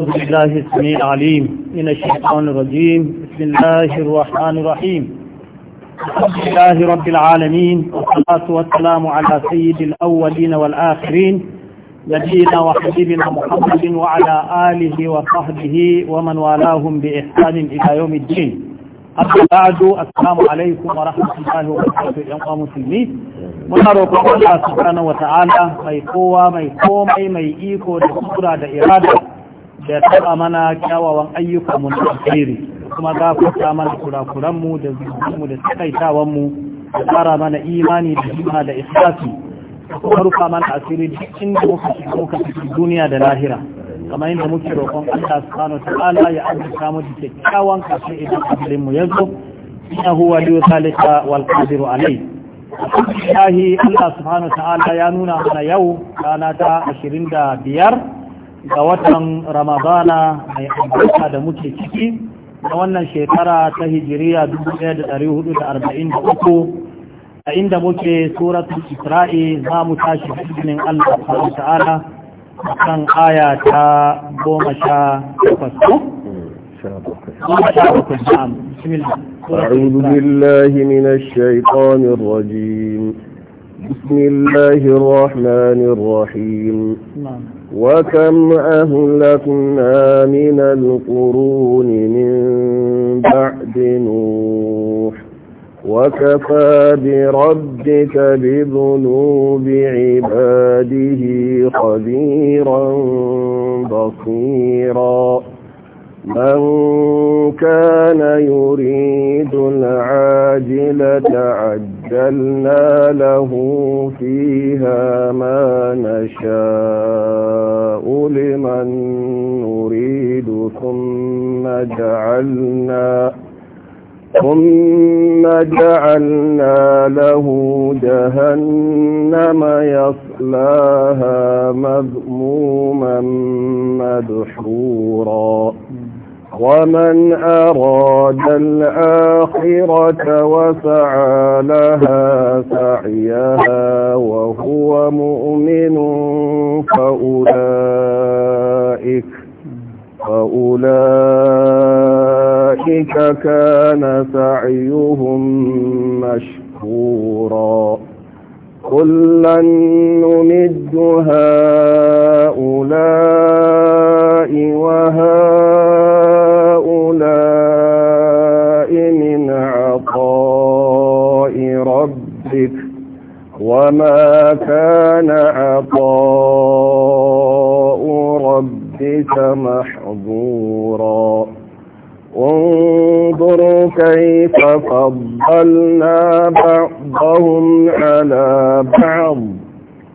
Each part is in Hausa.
أعوذ بالله السميع العليم من الشيطان الرجيم بسم الله الرحمن الرحيم الحمد لله رب العالمين والصلاة والسلام على سيد الأولين والآخرين نبينا وحبيبنا محمد وعلى آله وصحبه ومن والاهم بإحسان إلى يوم الدين أما بعد السلام عليكم ورحمة الله وبركاته يا مسلمين muna roƙon Allah subhanahu ما يقوى ما kowa ما komai ما iko ما kudura da ya taba mana kyawawan ayyuka mu na alheri kuma za ta mana kurakuran mu da zuciyanmu da tsaitawan mu da fara mana imani da himma da ikhlasi kuma rufa mana asiri duk inda muka shiga muka duniya da lahira kamar yadda muke roƙon Allah subhanahu wa ta'ala ya azurta mu da kyakkyawan kafin idan ajalin mu yazo huwa waliyyu salika wal qadiru alayhi Allah subhanahu wa ta'ala ya nuna mana yau rana ta biyar. ga watan ramadana mai albarka da muke ciki na wannan shekara ta hijiriya 1443 a inda muke suratun isra'i za mu tashi izinin allah subhanahu ta'ala kan aya ta goma sha takwas أعوذ بالله من الشيطان الرجيم بسم الله الرحمن الرحيم نعم وكم أهلكنا من القرون من بعد نوح وكفى بربك بذنوب عباده خبيرا بصيرا من كان يريد العاجلة عجلنا له فيها ما نشاء لمن نريد ثم جعلنا ثم جعلنا له جهنم يصلاها مذموما مدحورا ومن أراد الآخرة وسعى لها سعيها وهو مؤمن فأولئك فأولئك كان سعيهم مشكورا كلا نمد هؤلاء وهؤلاء من عطاء ربك وما كان عطاء ربك محظوراً وانظروا كيف فضلنا بعضهم على بعض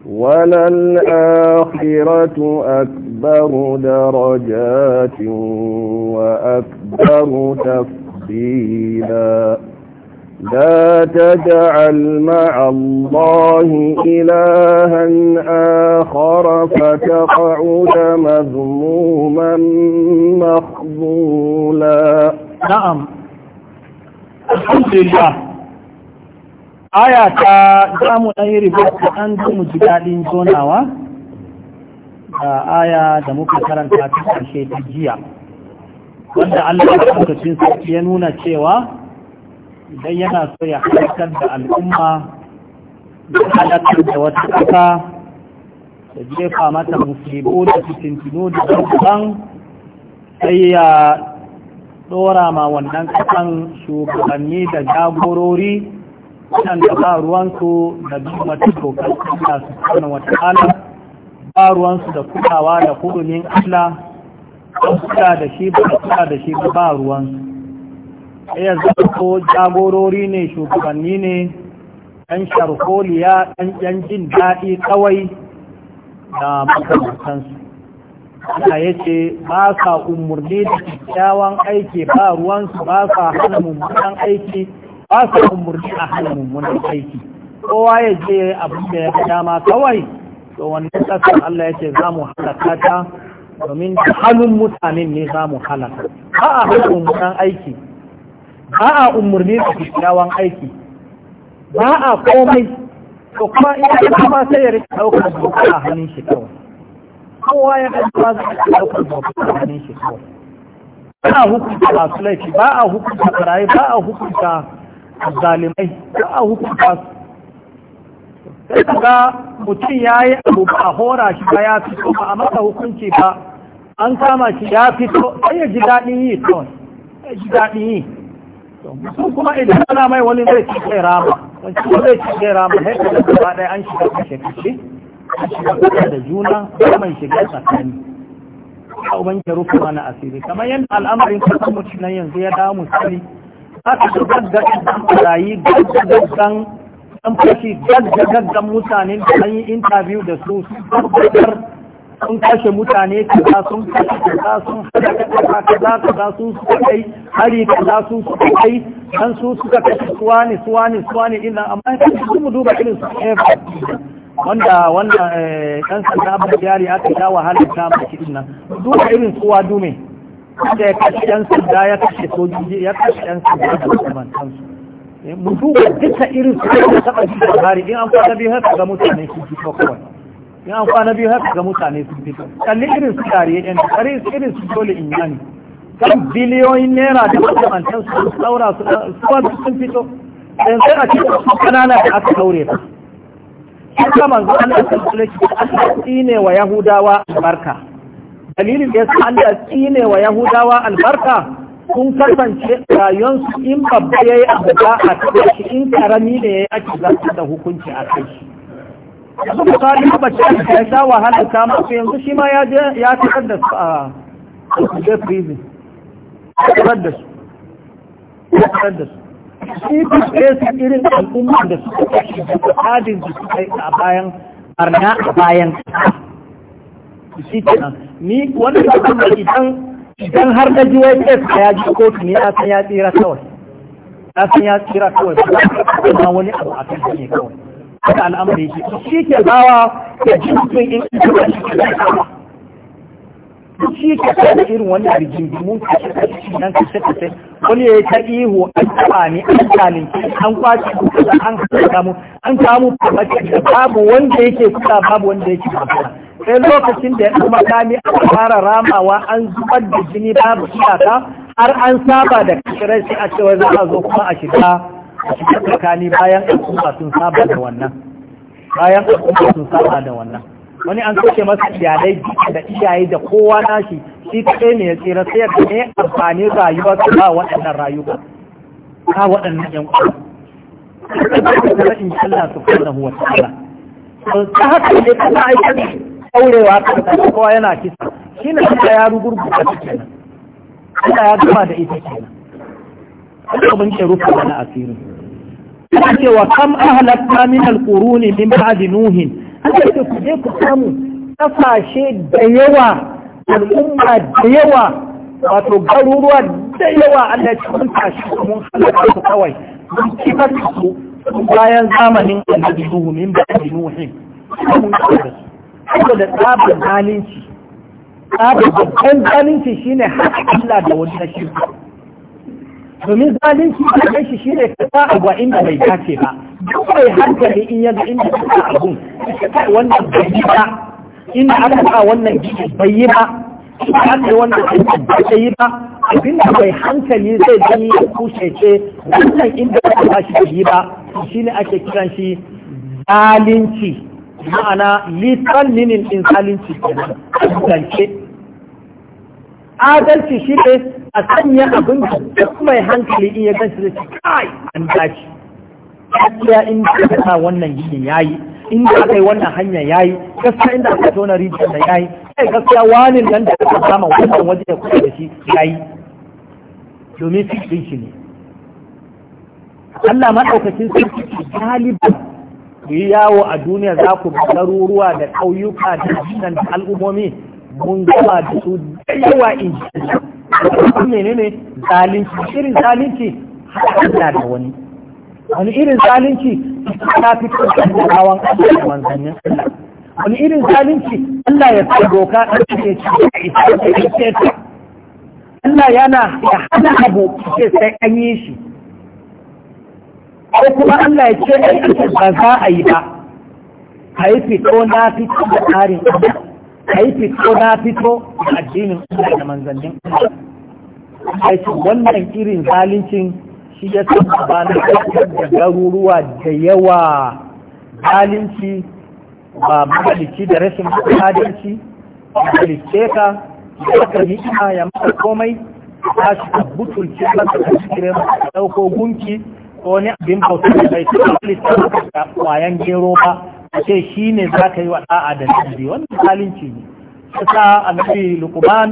وللآخرة أكبر درجات وأكبر تفضيلا لا تجعل مع الله إلها آخر فتقعد مذموما مخذولا نعم الحمد لله آية دام غير بس أنتم جدالين زوناوا آية دمك كرنتا تكشي تجيا wanda Allah ya kuka cin sarki ya nuna idan yana so ya halittar da al'umma da halittar da wata ƙasa da jefa mata musibo da fitintino da ɗan sai ya ɗora ma wannan ƙasan shugabanni da jagorori waɗanda ba ruwansu da duk wata dokar Allah su kanu wata ala ba ruwansu da kulawa da kudumin Allah ba kula da shi ba kula da shi ba ruwansu ya ko jagorori ne shugabanni ne ɗan sharholiya ɗan jin daɗi kawai da makamantansu ana ya ce ba sa umarni da kyakkyawan aiki ba ruwansu ba sa hana mummunan aiki ba sa umarni a hana mummunan aiki kowa ya je abin da ya fi dama kawai to wani ƙasar Allah ya ce za mu halaka ta domin halin mutanen ne za mu halaka ba a hana mummunan aiki ba a umarni da kyakkyawan aiki ba a komai to kuma ina da kuma sai ya rike daukar doka a hannun shi kawai kowa ya ga ba za a daukar doka a hannun shi kawai ba a hukunta masu laifi ba a hukunta barayi ba a hukunta zalimai ba a hukunta su sai ga mutum ya yi abu ba a hora shi ba ya fito ba a masa hukunci ba an kama shi ya fito sai ya ji daɗin yi kawai ya ji daɗin yi mutum kuma idan ana mai wani zai ci zai rama wancan ko zai ci zai rama sai da gaba ɗaya an shiga kashe kashe an shiga kuka da juna ko mai shiga tsakani a ubanke rufe mana asiri kamar yadda al'amarin kasan mutum nan yanzu ya dawo musali aka ga gaggagan rayi gaggagan an fashi gaggagaggan mutanen da an yi intabiyu da su su gaggagar sun kashe mutane kaza sun kashe kaza sun hada kaza kaza kaza su suka kai hari kaza su suka kai dan su suka kashe suwani suwani suwani din nan amma sai mu duba irin su ne wanda wanda eh, dan sanda ba jari aka da wahala ta maki din nan duba irin suwa dume da ya kashe yan sanda ya kashe sojoji ya kashe yan sanda da kuma kansu eh, mu duba duka irin su da taba ji da in an fara bi haka ga mutane su ji kawai ya kwana biyu haka ga mutane sun fito kalli irin su tare yan kare irin su dole in yani kan biliyoyin naira da mantan su saura su wanda sun fito sai sai a cikin su kanana da aka daure ba shi ka manzo an da kula shi da tsine wa Yahudawa albarka dalilin da yasa da tsine wa Yahudawa albarka sun kasance rayuwarsu in babba yayi abuka a cikin shi in karami ne yayi ake zartar da hukunci a kai shi yanzu misali mabacin da ya sha wahalar kama su yanzu shi ma ya fitar da su a kuje prison fitar da su fitar da su shi fitar su irin al'umma da su suka shi da tsadin da suka yi a bayan arna a bayan shi kenan ni wani sabon da idan idan har na ji wai ya ji kotu ne ya san ya tsira kawai ya san ya tsira kawai ba wani abu a kan ne kawai haka al'amari shi shi ke bawa ya ji mutum in ita ba shi ke zama shi ke kada irin wannan rigingimun kashe kashe nan kashe kashe wani ya yi ta ihu an taba ni an zalunci an kwace kuka an haka mu an kamu farmaki da babu wanda yake kuka babu wanda yake kuka sai lokacin da ya ɗan makami a fara ramawa an zubar da jini babu iyaka har an saba da kashirar sai a cewa za a zo kuma a shiga a cikin tsakani bayan al'umma sun saba da wannan bayan al'umma sun saba da wannan wani an kashe masa iyalai da iyaye da kowa nashi shi kaɗai ne ya tsira sai da ne amfani rayuwa su ba waɗannan rayuwa ka waɗannan yan uwa kuma in Allah subhanahu wa ta'ala to ta haka ne ka aikata aurewa ka kowa yana kisa shine kuma ya rugurguta kenan Allah ya gama da ita kenan Allah ban ke rufe wani asirin ana cewa kam ahlakna min alquruni min ba'di nuhin an ce ku je ku samu kasashe da yawa al'umma da yawa wato garuruwa da yawa Allah ya mun tashi mun halaka su kawai mun kifar su bayan zamanin annabi nuhu min ba'di nuhin mun kifar su saboda tsabar zalunci tsabar babban zalunci shine haƙƙin Allah da wani na shirka domin zalunci da kai shi shine ka sa abu inda bai dace ba duk mai hankali in yanzu inda ka sa abun kai wannan bai ba inda aka sa wannan bai yi ba inda aka yi wannan bai yi ba abinda bai hankali zai gani ya kushe ce wannan inda aka sa shi bai yi ba shine ake kiran shi zalunci ma'ana litan ninin in zalunci kenan adalci shi ne a sanya abin da duk mai hankali in ya gansu da shi kai an dace gaskiya in da ka wannan gini yayi in da aka yi wannan hanya yayi gaskiya inda aka tona rijiyar da yayi kai gaskiya wani nan da aka sama wannan waje da kuka da shi yayi domin su ɗin shi ne Allah maɗaukacin sarki ke galiban da yi yawo a duniya za ku bi garuruwa da ƙauyuka da jinan al'ummomi mun gaba da su da yawa in shi menene zalunci irin zalunci haɗa da wani wani irin zalunci ta fito da annabawan Allah da manzannin Allah wani irin zalunci Allah ya fi doka a cikin ce ce Allah yana ya hana abu ce sai an yi shi ko kuma Allah ya ce ba za a yi ba a yi fito na fito da tsarin Allah yi fito na fito da addinin Allah da manzannin Allah wannan irin zalincin shi ya sa ba na da garuruwa da yawa zalunci ba da rashin adalci magalice ka ya ka ni'ima ya maka komai ta shi ka butulce ka ka kire gunki ko ne abin bauta da bai ta kwayan gero ba a ce shi ne za ka yi wa da'a da nabi wannan zalunci ne sasa annabi lukuman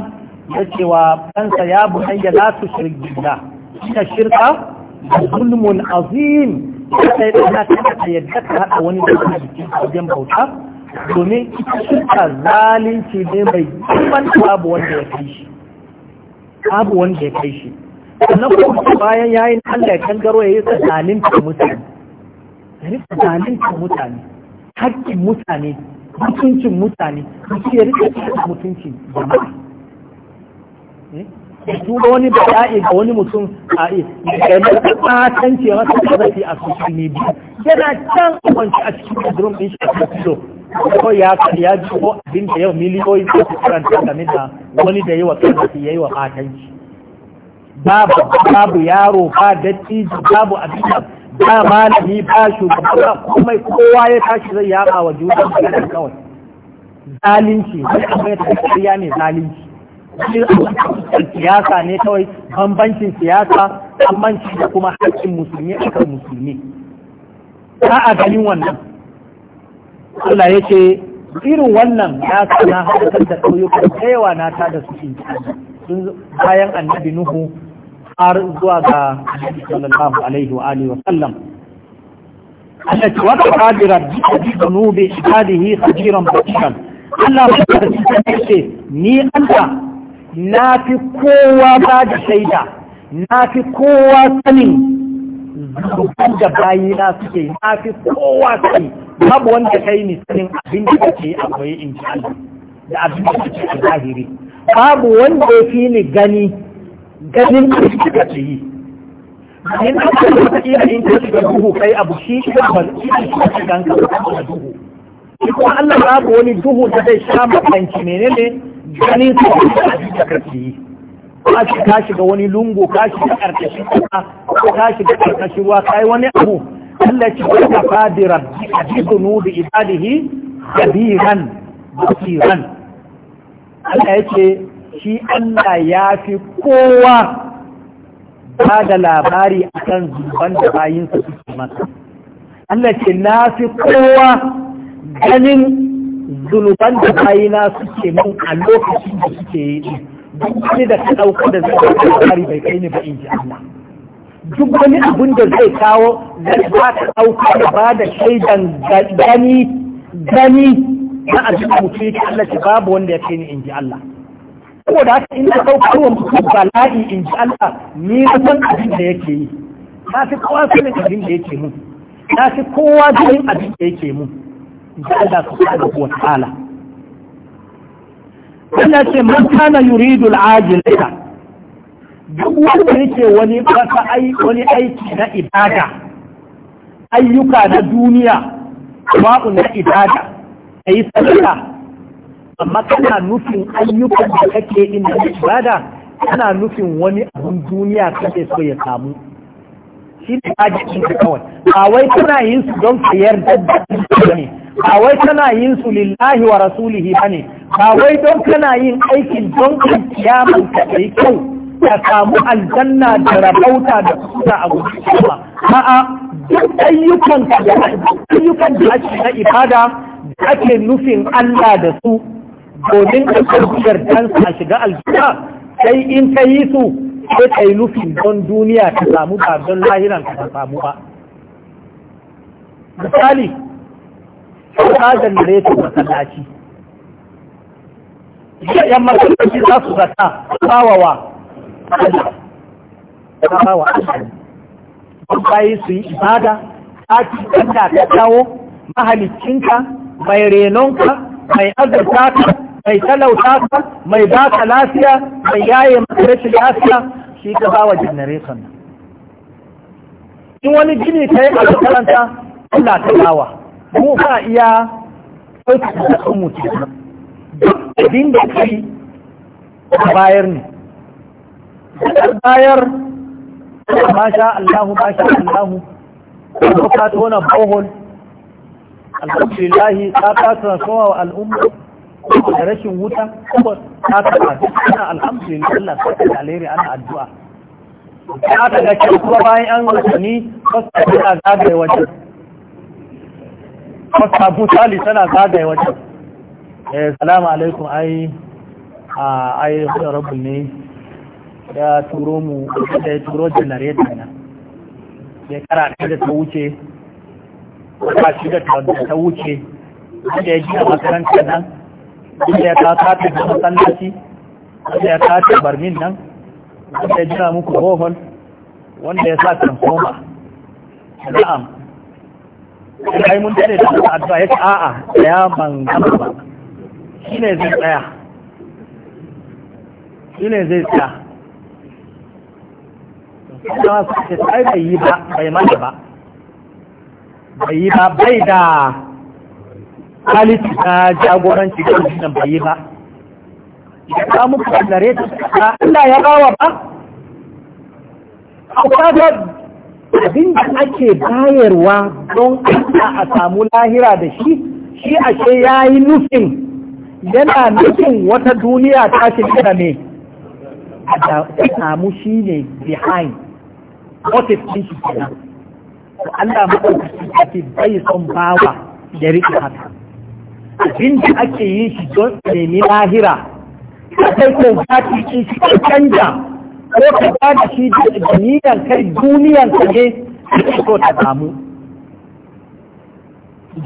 ya ce wa kansa ya ya la tushrik billah inna shirka zulmun azim sai da na ta yadda ka haɗa wani da kuma jikin wajen bauta domin ita shirka zalunci ne mai girman babu wanda ya kai shi babu wanda ya kai shi sannan kuma bayan yayin Allah ya kangaro ya yi tsananin mutane ya yi tsananin mutane haƙƙin mutane mutuncin mutane su ya rike cikin mutunci jama'a su eh? tura wani bala'i ga wani mutum a eh, ya mata ɓatanci ya masa ƙazafi a social biyu yana can kwanci a cikin bedroom ɗin shi a kilo ko ya ya ji ko abin da yau miliyoyi da su karanta game da wani da yi wa ƙazafi ya yi wa ɓatanci babu babu yaro ba dattijo babu abin da ba malami ba shugaba kuma kowa ya tashi zai yaba wa juna da kawai zalunci wani abu ya tafi kariya ne zalunci wani abu siyasa ne kawai bambancin siyasa bambanci da kuma haƙƙin musulmi kan musulmi ba a ganin wannan Allah ya ce irin wannan ya sana haɗa da ƙauyukan da yawa na ta da su bayan annabi Nuhu har zuwa ga sallallahu alaihi wa alihi wa sallam Allah ce wa qadira bi dhunubi ibadihi khabiran bashiran Allah ba ta ce ni anta na fi kowa ba da shaida na fi kowa sanin zuban da bayina suke na fi kowa sani babu wanda kai ni sanin abin da kake a koyi in ji Allah da abin da kake zahiri babu wanda ya fi ni gani ganin da shi ce yi in ka ce wata da in ka shiga duhu kai abu shi shi ba shi ka shiga ka duhu shi kuma Allah ku wani duhu da zai sha makanci menene ganin su da ka yi ka shi ka shiga wani lungu ka shiga karkashin kasa ko ka shiga karkashin ruwa kai wani abu Allah ya ko ka fadi rabbi adikunu bi ibadihi khabiran basiran Allah ya ce shi Allah ya fi kowa ba da labari a kan zuban da bayinsa suke masa Allah ce na fi kowa ganin zunuban da bayina suke mun a lokacin da suke yi duk wani da ka ɗauka da zai ɗauka labari bai kai ni ba in ji Allah duk wani abin da zai kawo zai ba ta ɗauka da ba da shaidan gani gani na a cikin mutu yake Allah ce babu wanda ya kai ni in ji Allah da haka in ka ɗauka ruwan bala'i in ji Allah ni na san abin da yake yi na fi kowa sanin abin da yake mun na fi kowa jinin abin da yake mun in ji Allah da kuwa ta'ala Allah ce man kana yuridu al-ajilata duk wanda yake wani wata wani aiki na ibada ayyuka na duniya wa'u na ibada ayi sadaka amma kana nufin ayyukan da kake din da ibada kana nufin wani abun duniya kake so ya samu shi ne ajiyar da kawai ba wai kana yin su don ka yarda da ba ne ba wai kana yin su lillahi wa rasulihi ba ne ba wai don kana yin aikin don ka kiyaman ka kai kyau ka samu aljanna da rabauta da kusa a gudu ba Ba'a duk ayyukan da ake na ibada da ake nufin Allah da su domin da karfiyar dansa a shiga aljanna sai in ta yi su sai ta yi nufin don duniya ta samu ba don lahiran ta samu ba misali ka janareto masallaci yan masallaci za su zata bawawa ta bawa don bayi su yi ibada ta ci ta kawo mahalicinka mai renonka mai azurta ka mai talauta ka mai ka lafiya mai yaye maka rashin lafiya shi ka ba wa generation in wani jini ta yi a makaranta Allah ta yawa? mu ka iya ɗauki da kan mutu abin da ka yi a bayar ne bayar ma sha Allahu ma sha Allahu ka tona bohol Alhamdulillahi ka ka transforma wa al'umma Da rashin wuta kuma ta taba ana alhamdulillah Allah sai da alheri ana addu'a ta ta ga kuma bayan an watanni fasta tana zagaye wajen fasta butali tana zagaye wajen eh salamu alaikum ai a ai rabu ne ya turo mu da ya turo generator na shekara ɗaya da ta wuce wata da ta wuce wanda ya ji a makarantar nan wanda ya kata ta masallaci wanda ya kata barmin nan wanda ya jira muku bohol wanda ya sa transformer na'am kai mun tare da addu'a ya ce a'a ya ban gama ba Shi ne zai tsaya Shi ne zai tsaya kuma sai bai yi ba bai mana ba bai yi ba bai da halittu na jagoranci da nan bayi ba ya ta muku ta ta ya bawa ba akwai da abin da ake bayarwa don a samu lahira da shi shi ashe ya yi nufin yana nufin wata duniya ta gina ne a samu shi ne behind what is thinking Allah maɗaukaki ake bai son bawa ya riƙe haka abin ake yi shi don nemi lahira ka kai ko za ta shi ka canja ko ka ba da shi jami'an kai duniyan ka ne ko ta damu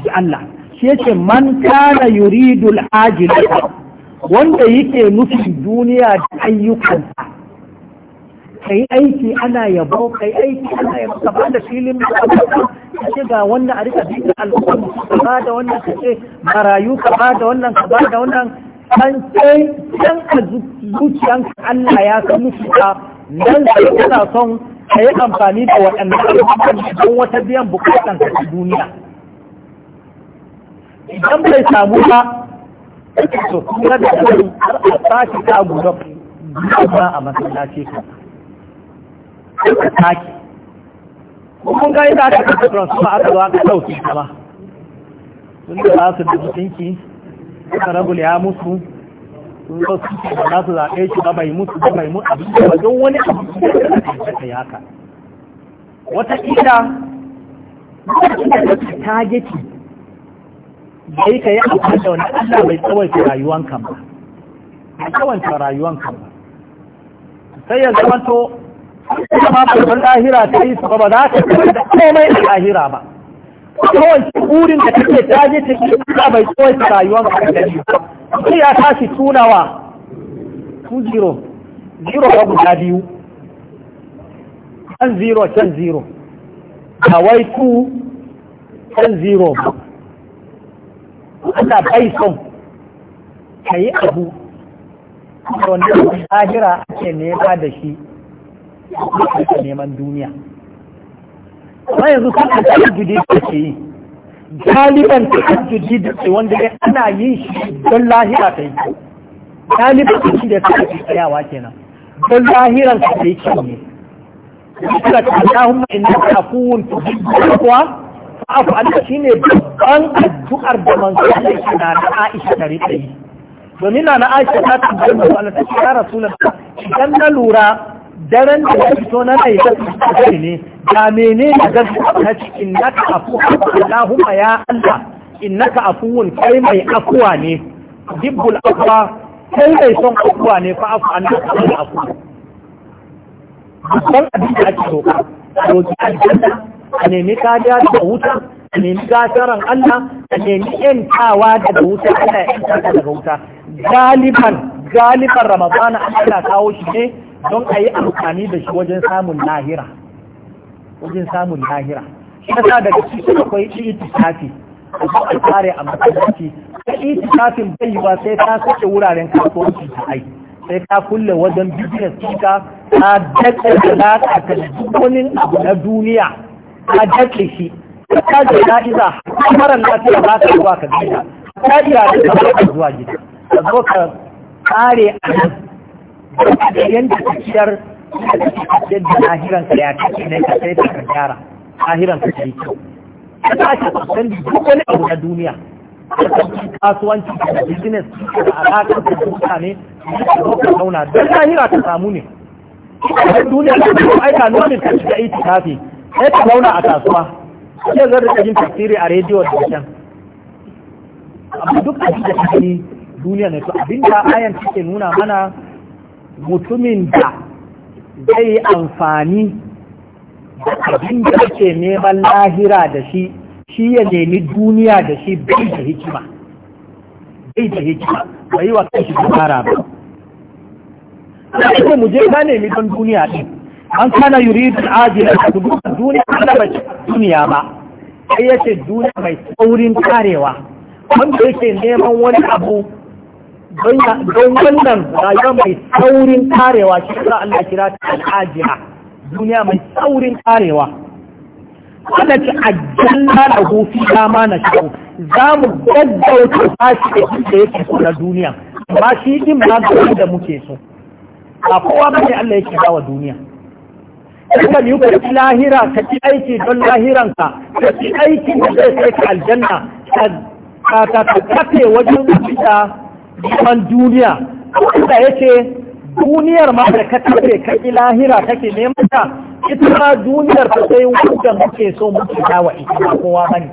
ji Allah shi yake man kana yuridu al wanda yake nufi duniya da ayyukan ayyukansa kai aiki ana yabo kai aiki ana yabo ka ba da filin da kace ga wannan a rika bin al'umma ba da wannan kace marayu ka ba da wannan ka ba da wannan an sai dan ka zuciyanka Allah ya san shi ka nan sai kana son ka yi amfani da waɗannan abubuwan don wata biyan bukatan ka duniya idan bai samu ba to kuma da kan har a sake ta gudu ba a masallaci ka ka take kun ga yadda ta kasa transfer aka zo aka ɗauki kama sun da za su da mutunci suka rabul ya musu sun zo su ce za su zaɓe shi ba bai mutu ba bai mutu abin da don wani abu da ka yi haka wata ita ta geci bai ka yi amfani da wani allah bai tsawaita rayuwanka ba bai tsawaita rayuwanka ba sai ya zamanto ita ma babban lahira ta yi su ba za ta kuma da komai a lahira ba kawai burin da take ta je ta yi ta bai kawai ta rayuwa ba ta gani sai ya tashi tunawa two zero zero ba guda biyu can zero can zero ba wai two can zero ba bai son ka yi abu wanda lahira ake nema da shi ka neman duniya amma yanzu kan a tahajjudi da ke yi galiban tahajjudi da ke wanda ya ana yin shi don lahira ta yi galiban ta shi da ta fi tsayawa ke nan don lahiran ta yi kyau ne ta ta hun suka ce ta inna kuwa tuhibbuka afu an ta shi ne babban addu'ar da manzo Allah na na Aisha ta rike yi domin na na Aisha ta tambaye manzo Allah ta shi ya Rasulullah idan na lura daren da ya fito na na ita tsari ne da mene na gaskiya na ci innaka afu Allahumma ya Allah In innaka afuwun kai mai afuwa ne dibbul afuwa kai mai son afuwa ne fa afu annaka mai afuwa dukkan abin da ake roƙa roƙi aljanna a nemi kariya daga wuta a nemi gasaran Allah a nemi yantawa daga wuta Allah ya yanta daga wuta galiban galiban ramadana Allah kawo shi ne don a yi amfani da shi wajen samun lahira wajen samun lahira shi yasa daga cikin akwai itikafi a tsare a masallaci ka itikafin bai ba sai ka sake wuraren kasuwanci ta ai sai ka kulle wajen bibiyar ɗinka ka daɗe da lata ka duk wani abu na duniya ka daɗe shi ka da na'iza mara lafiya ba ta zuwa ka gida ka iya da ka zuwa gida ka zo ka tsare a nan da ta tafiyar yadda lahiran ka ya kake ne ka sai ka gyara lahiran ka sai kyau ka tashi sandi duk wani abu na duniya kasuwanci da business da alaƙar da mutane da ka zauna don lahira ta samu ne idan duniya ta zo aika nomin ta shiga iti tafi sai ta zauna a kasuwa sai zan rika yin tafsiri a rediyo da can amma duk abin da ta gani duniya ne to abinda ayan take nuna mana mutumin da zai amfani da abin da ake neman lahira da shi shi ya nemi duniya da shi bai da hikima bai da hikima bai wa kanshi dubara ba da mu je ka nemi don duniya din an kana yuridu ajila da dubara duniya da ba duniya ba sai yace duniya mai saurin karewa wanda yake neman wani abu don wannan rayuwa mai saurin tarewa shi za Allah kira ta al'ajira duniya mai saurin tarewa wanda ce ajalla da hufi dama na shau za mu gaggauta tashi da da yake so duniya amma shi din ma ga da muke so a kowa ba ne Allah yake dawa duniya Kuka yi ka lahira ka ci aiki don lahiranka ka ci aiki da zai sai ka aljanna ka kafe wajen abinda zaman duniya Allah ya ce duniyar ma da ka tafe ka ilahira kake neman ta ita ma duniyar ta sai wanda muke so muke dawa ita ba kowa bane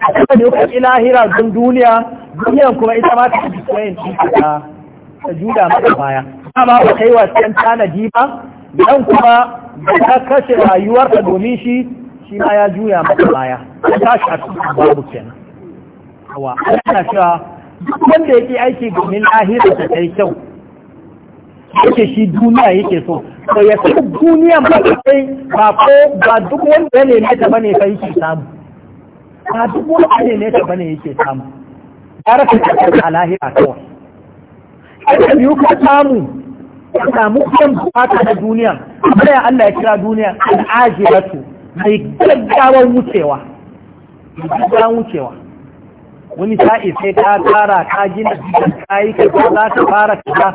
kuma ne ka ilahira don duniya duniyar kuma ita ma ta bitcoin din ta ta juda maka baya ma ba kai wasan tanadi ba dan kuma ka kashe rayuwarka domin shi shi ma ya juya maka baya ta shi a cikin babu kenan wa ana cewa wanda yake aiki domin lahira ta kai kyau yake shi duniya yake so to ya fi duniya ba kai ba ko ba duk wanda ne ne ta bane kai samu ba duk wanda ne ne ta bane yake samu ya rasa ta lahira kawai kada biyu ka samu ka samu kan bukata da duniya abin ya Allah ya kira duniya al'ajiratu mai gaggawar wucewa gaggawar wucewa wani sa'i sai ta tara ta gina gidan kayi ka za ta fara kaza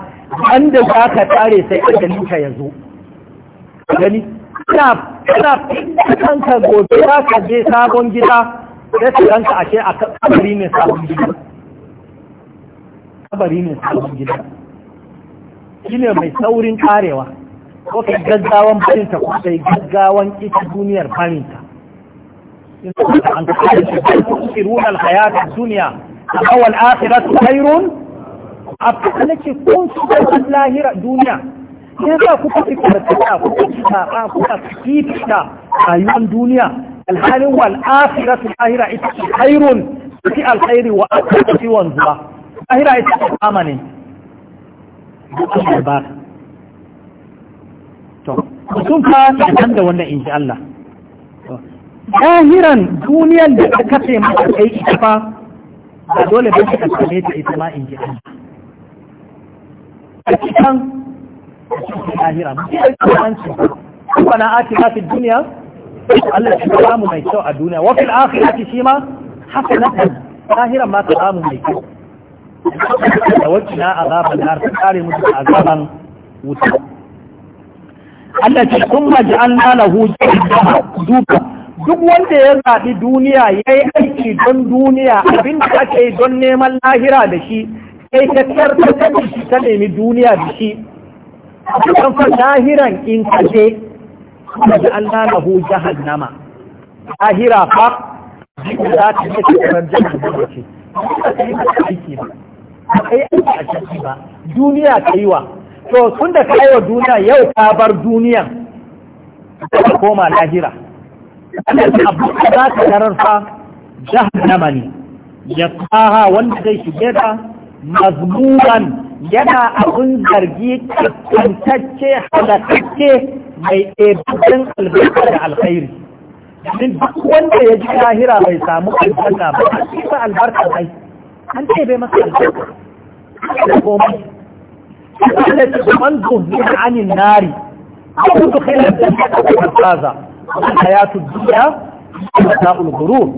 an da za ka tare sai ajalin ka ya zo gani ina kana kanka gobe za ka je sabon gida sai ka ranka ashe a kabari mai sabon gida kabari mai sabon gida shi ne mai saurin karewa ko kai gaggawan barinta ko kai gaggawan ita duniyar barinta an kare shi kai ku kiruna alhayat dunya aw al-akhiratu khairun abin da ce kun su da lahira duniya ya za ku fi karkata ku fi taɓa ku fi fita rayuwar duniya alhalin wal akhiratu lahira ita ce khairun fi wa lahira ita ce to sun wannan Allah zahiran duniyan da ta kafe masa kai ita fa da dole ba ka same ta ita ma in ji an a cikin zahira ba sai ka an ba. kuma na ati na fi duniya Allah shi ba mu mai kyau a duniya wa fil akhirati shi ma haka na ɗan. zahiran ma ta samu mai kyau da wacce na azaban nar ta kare mutu da azaban wuta Allah ce kuma ja'alna lahu jahannama duba duk wanda ya zaɓi duniya ya yi aiki don duniya abin da ake yi don neman lahira da shi sai ka tarkatar da shi ta nemi duniya da shi kan fa lahiran in ka je da Allah lahu jahannama lahira fa za ta yi tsoron jahannama ce aiki ba kai aiki a ciki ba duniya ka yi wa to tun da ka yi wa duniya yau ka bar duniyan ka koma lahira abu za ta tarar fa jahannama ne ya tsaha wanda zai shige da mazmuran yana abin zargi kantacce halakacce mai ɗebin albarka da alkhairi domin duk wanda ya ji lahira bai samu albarka ba a cikin albarka ai an ce bai masa albarka da komai Allah ce man zuhira anin nari a kudu khairar da ta kaza hayatu dunya mata'ul ghurur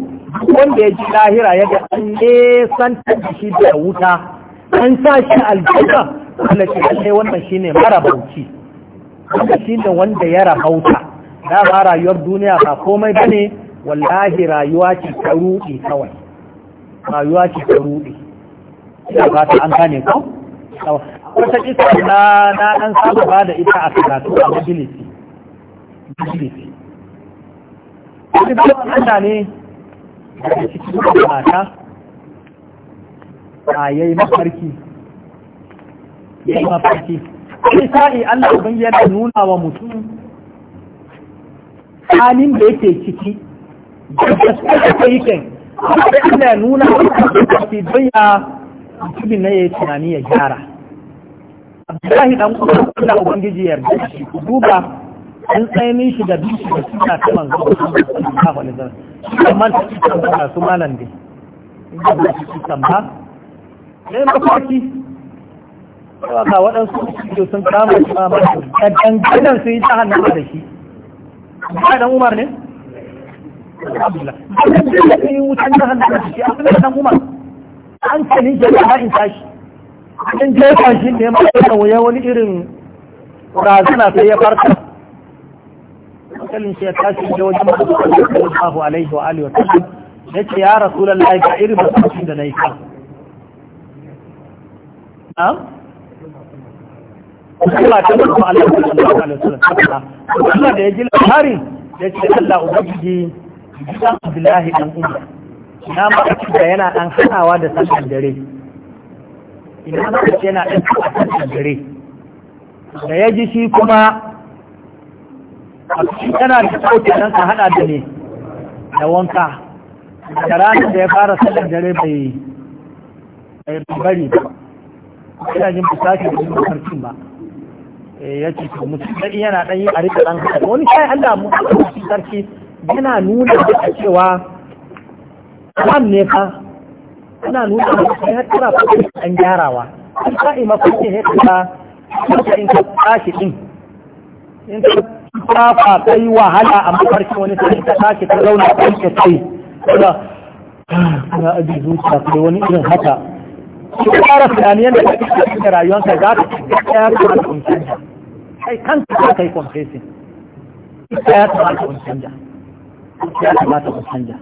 wanda ya ji lahira ya ga an nesanta shi da wuta an sa shi aljanna wanda ke kalle wannan shine mara bauchi wanda shine wanda ya rahauta da ba rayuwar duniya ba komai bane wallahi rayuwa ce ta rudi kawai rayuwa ce ta rudi ina fata an gane ko wata kisa na na dan saba ba da ita a karatu a majalisi majalisi wani bawan Allah ne daga cikin mata a yayi mafarki yayi mafarki wani sa'i Allah ubangi yana nuna wa mutum halin da yake ciki da suka ta yi kan sai Allah ya nuna wa mutum don ya mutumin na yayi tunani ya gyara Abdullahi dan kuma Allah ubangiji yarda shi duba an ne shi da bishi da suna ta manzo da suna wani zan amma ta su kan su malam dai inda ba su ci kan ba sai mafarki ga waɗansu su sun kama shi ma masu gaddan gaddan su yi ta hannun da shi ba dan umar ne alhamdulillah da kai wutan da hannun da shi abin da dan umar an kanin shi ba in tashi an jefa shi ne ma da wani irin razana sai ya farka wasallam sai ya tashi da wajen manzo alaihi wa alihi wasallam yace ya rasulullahi ga irin mutuncin da nayi ka na'am kuma ta manzo Allah sallallahu alaihi wasallam kuma da yaji labarin yace Allah ubangiji gidan Abdullahi dan Umar na ma da yana dan hanawa da sallar dare ina ma yana dan sallar dare da yaji shi kuma Yana da kyau don ka hada da ne da wanka da ranar da ya fara sallar dare bai bari ba yana jin fusashi da jin mafarkin ba eh, ya ce to mutum ɗan yana ɗan yi a rika ɗan haka wani shayi Allah mu sarki yana nuna da cewa kan ne fa ana nuna da shi har tara fakin an gyarawa an sa'i mafarkin ya ta in ka tashi ɗin in ka kafa kai wahala a mafarki wani sai ta tashi ta zauna kan ka sai kuma kana abin zuciya kai wani irin haka ki fara tunani yadda kake cikin rayuwarka za ka tsaya ka kunta kai kanka ka kai confessing ita ya kamata kun canja ya kamata kun canja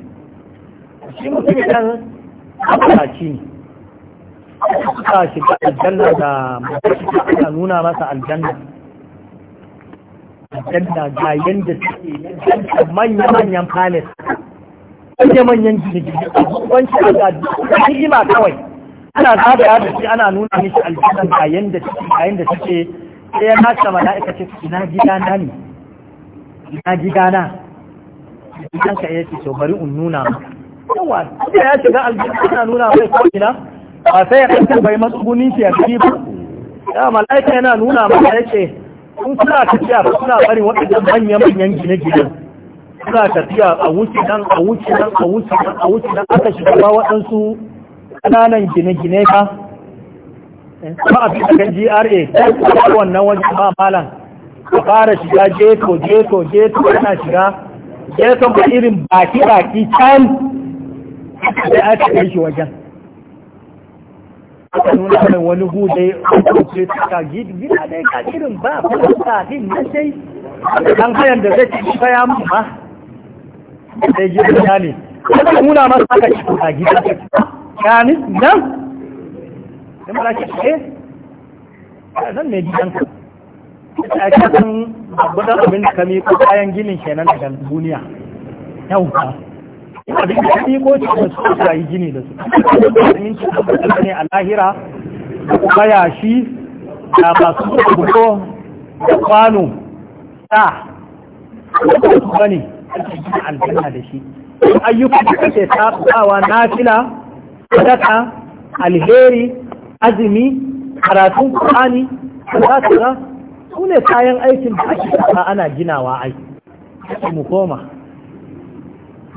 shi mutum kan abubaci ne suka shiga aljanna da mutum ana nuna masa aljanna aljanna ga yanda suke manya-manyan palace manya-manyan jirgin wanci a ga hikima kawai ana zagaya ya shi ana nuna mishi aljanna ga yanda suke ga yanda suke sai ya nasa mala'ika ce ina gidana ne ina gidana idan ka yace to bari in nuna maka yawa sai ya shiga aljanna ana nuna mai ko ina ba sai ya kanta bai matsugunin shi ya fi ba ya mala'ika yana nuna maka yace in suna tafiya suna bari waɗannan manya-manyan gine gine suna tafiya a wuce nan a wuce nan a wuce nan a wuce nan aka shiga waɗansu ƙananan gine-gine ka eh, ba a fita kan gra ta wannan wajen ba malam a fara shiga jeto jeto jeto yana shiga jeto ba irin baki-baki can sai aka kai shi wajen aka nuna mai wani hude ya suka gida dai ka irin ba fulasta din na sai dan hayan da zai ci faya mun ba sai ya ne aka nuna masa aka ci a gida ya ni nan dan mara ki ce nan eh, ne gidan ka a cikin babban abin da ka mi kayan ginin kenan daga duniya yau ka abin da shi ko cikin su ta yi gini da su domin su tabbata ne a lahira baya shi da masu rubuto da kwano da su bane ake gina aljanna da shi ayyukan da kake na nafila sadaka alheri azumi karatun qur'ani sadaka su ne kayan aikin da ake ana ginawa ai mu koma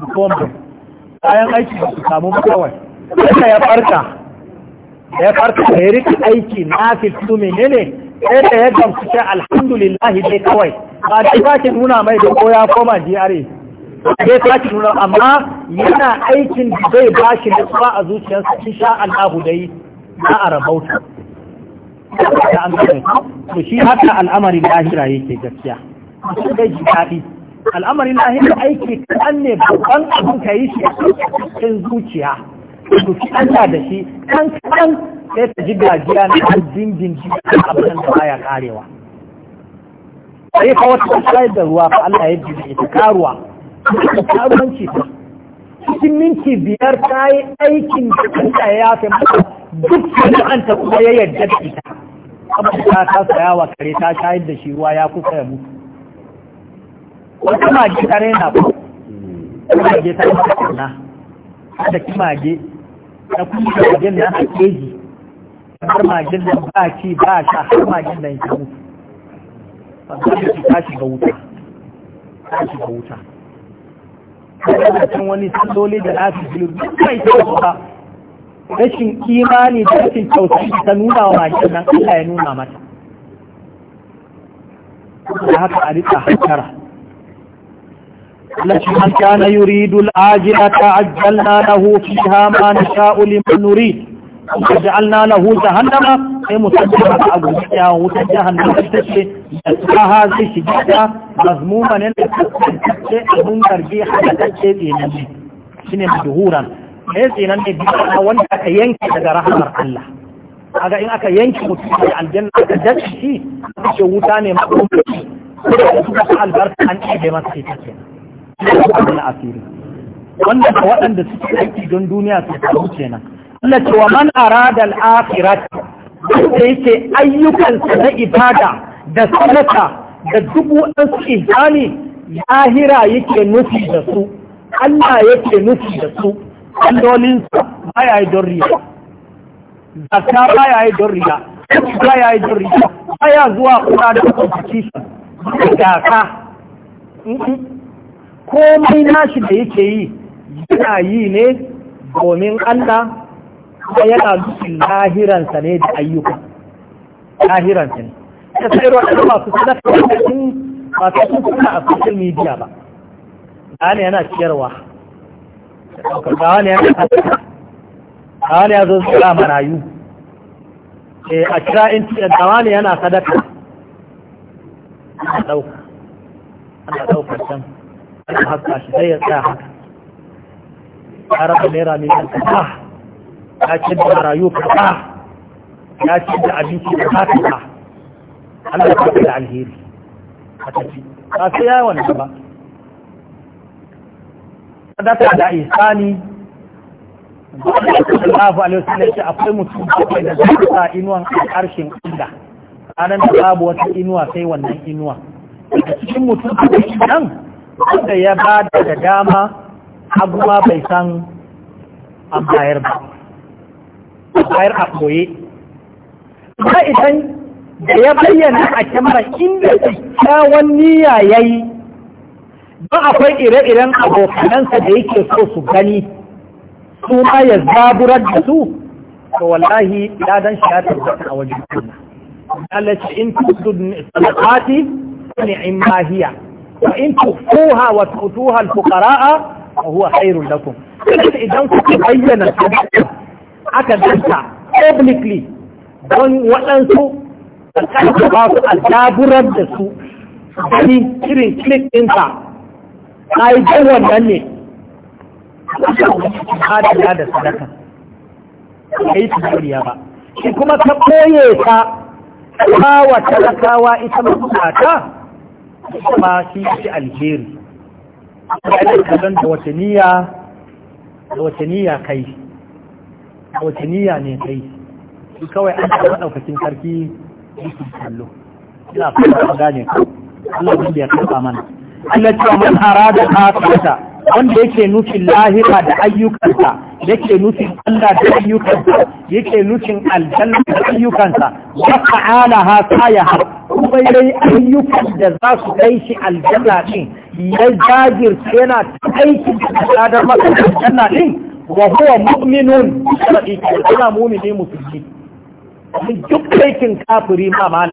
su koma kayan aiki da su samu ba kawai ya farka ya farka da ya rikin aiki na fitu ne. sai da ya gamsu sai alhamdulillah dai kawai ba da ke nuna mai da ko ya koma GRA ta ke nuna amma yana aikin da zai ba shi nutsuwa a zuciyarsa sha Allahu dai na a rabauta da an kare to shi haka al'amarin lahira yake gaskiya sai ji daɗi al'amarin lahiyar aiki kaɗan ne babban abin ka yi shi a cikin zuciya ku fi Allah da shi kan kan sai ta ji gajiya na aljin jinji abin da baya karewa sai ka wata shayar da ruwa fa Allah ya da ita karuwa karuwanci ta cikin minti biyar ta yi aikin da ta ya fi mata duk sana'anta kuma ya yarda da ita amma ta kasa yawa kare ta shayar da shi ruwa ya kusa ya mutu wata mage tare na ba mage ta yi makarna da ki mage na kuma magen nan a keji har magen nan ba ci ba sha har magen nan ya mutu ba za ki tashi ga wuta tashi ga wuta kada da wani dole da na fi jilu duk mai kyau ba rashin imani da rashin tausayi ta nuna wa magen nan Allah ya nuna mata da haka a rika hankara التي من كان يريد الآجلة عجلنا له فيها ما نشاء لمن نريد وجعلنا له جهنم sai mu tattara da abu ya wuta jahannam ta ce da tsaha zai shiga ta mazmuma ne da tsaye abun garbi halatacce tsinan ne shi ne duhuran ne tsinan ne bisa wanda aka yanke daga rahamar Allah kaga in aka yanke mutum da aljanna aka dace shi wuta ne makomai da albarka an ɗebe masa kenan na asiri wanda ga waɗanda suke aiki don duniya su samu kenan Allah ce wa man arada al-akhirat wanda yake ayyukansa na ibada da sadaka da duk waɗansu ihsani lahira yake nufi da su Allah yake nufi da su allolinsa baya yi don riya zakka baya yi don riya baya yi don riya baya zuwa kula da competition da ka komai nashi da yake yi yana yi ne domin Allah kuma yana nufin lahiransa ne da ayyuka lahiransa ne ta sayarwa da masu sadaka da cikin masu sun a social media ba da ne yana ciyarwa da wani yana sadaka da wani ya zo zuwa marayu eh, a kira intiyar da wani yana sadaka ana ɗauka ana ɗaukar can ana haka shi sai ya tsaya haka ya raba naira mai ɗan kaza ya ce da rayu kaza ya ce da abinci da haka ba Allah ya kafa da alheri a tafi ba sai ya wani ba sadaka da da ihsani sallallahu alaihi ya ce akwai mutum kai da zai sa inuwan karshen inda ranar da babu wata inuwa sai wannan inuwa da cikin mutum bakwai nan wanda ya ba da dama abuwa bai san an bayar ba bayar a koye ba idan da ya bayyana a kyamara inda kyakkyawan niyya ya yi ba akwai ire-iren abokanansa da yake so su gani su ma ya zaburar da su to wallahi ladan shi ya tabbata a wajen Allah. Allah ce in tudu ne in mahiya? wa in tufuha wa tutuha al-fuqara'a fa huwa idan kuka bayyana aka danta publicly don waɗansu a ƙarfa ba su aljaburar da su gani irin klik ɗinka a yi jan wannan ne adana da sadaka ka yi tunaniya ba shi kuma ta koye ta kawa talakawa ita mabukata ba shi shi alheri ya kadan da wace niyya da wace niyya kai da wace niyya ne kai shi kawai an ta maɗaukacin sarki yake kallo ina fara gane Allah bin ya karɓa mana Allah ya ce harada arada ka wanda yake nufin lahira da ayyukansa yake nufin Allah da ayyukansa yake nufin aljanna da ayyukansa wa ta'ala ha ha kuma yayi ayyukan da za su kai shi aljanna din ya jajirce yana aiki da sadar masa aljanna din wa huwa mu'minun yana mu'mini musulmi duk aikin kafiri ma mana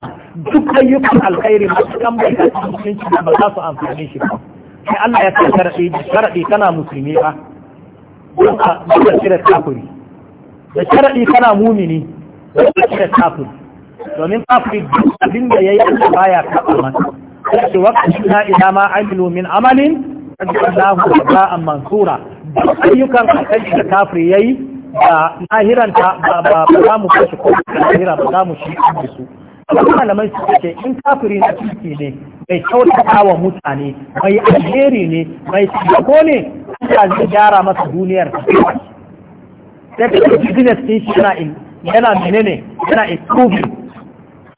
duk ayyukan alkhairi ma kan bai kasance ba za su amfane shi ba sai Allah ya sa sharaɗi sharaɗi tana musulmi ba don ka da cire kafiri da sharaɗi tana mumini don ka cire kafiri domin kafiri duk abin da ya yi Allah baya kaɓa masa sai wakka waka shi na ina ma amilu min amalin Allahu ba'an mansura duk ayyukan akan da kafiri yayi ba nahiranta ba ba za mu kashe ko nahira ba za mu shi su. Malaman su ce in kafiri na kirki ne mai kyautata wa mutane mai alheri ne mai tsako ne Allah zai gyara masa duniyar ta. ka ce business din shi yana yana menene yana improving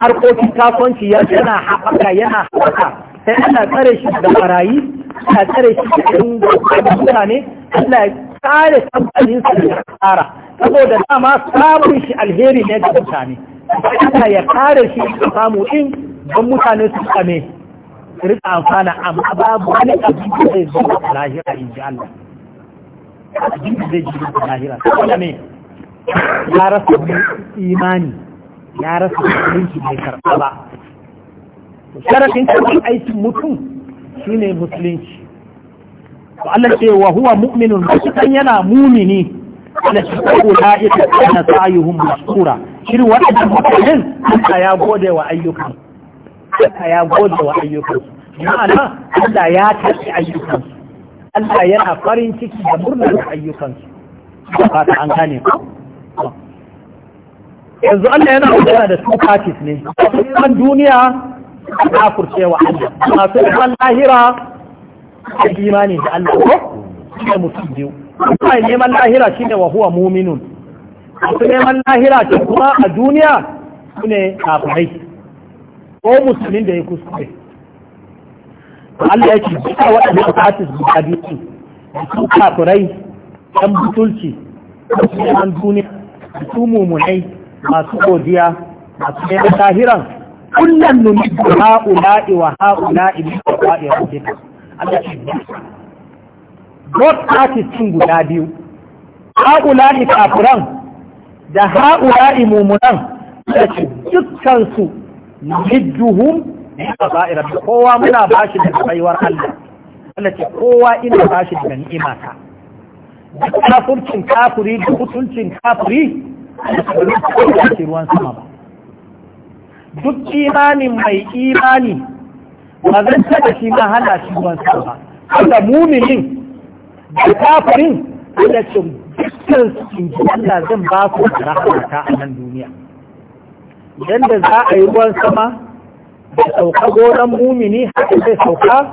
harkokin kasuwanci yana haɓaka yana haɓaka sai ana tsare shi da barayi ana tsare shi da ɗan mutane Allah ya kare su da tsara saboda dama samun shi alheri ne ga mutane sai Allah ya kare shi da samu ɗin don mutane su kame rika amfana amma babu wani abin da zai zo a lahira in ji Allah abin da zai ji a lahira saboda ne ya rasa wani imani ya rasa wani mai karɓa ba sharafin karɓar aikin mutum shi ne musulunci Ba Allah ce wa huwa mu'minun kan yana mumini ala shukuru la'ika kana sa'yuhum mashkura shirin waɗannan mutanen Allah ya gode wa ayyukan Allah ya gode wa ayyukansu ma'ana Allah ya tafi ayyukansu Allah yana farin ciki da murnar ayyukansu da fata an gane ku yanzu Allah yana magana da two parties ne kan duniya kafurce wa Allah masu kan lahira da imani da Allah ko ne mutum biyu kuma neman lahira shine wa huwa mu'minun su neman lahira ce kuma a duniya su ne kafirai ko musulmin da ya kuskure Allah ya ce duka waɗannan su guda biyu su kafirai ɗan butulci da su neman duniya da su mumunai masu godiya masu neman tahiran kullum numi da ha'ula'i wa ha'ula'i bi da a rafika Allah ce God artist sun guda biyu ha'ula'i kafiran da ha'ula'i mumunan da su. nujjuhum bi rabbi kowa muna bashi da baiwar Allah Allah ce kowa ina bashi da ni'ima ta da kafircin kafiri da hutuncin kafiri da shi ruwan sama ba duk imanin mai imani ba zan taɓa shi ma hana shi ruwan sama ba wanda muminin da kafirin Allah ce dukkan su in ji Allah zan ba su da rahama ta a nan duniya yadda za a yi ruwan sama da sauka goron mumini haka zai sauka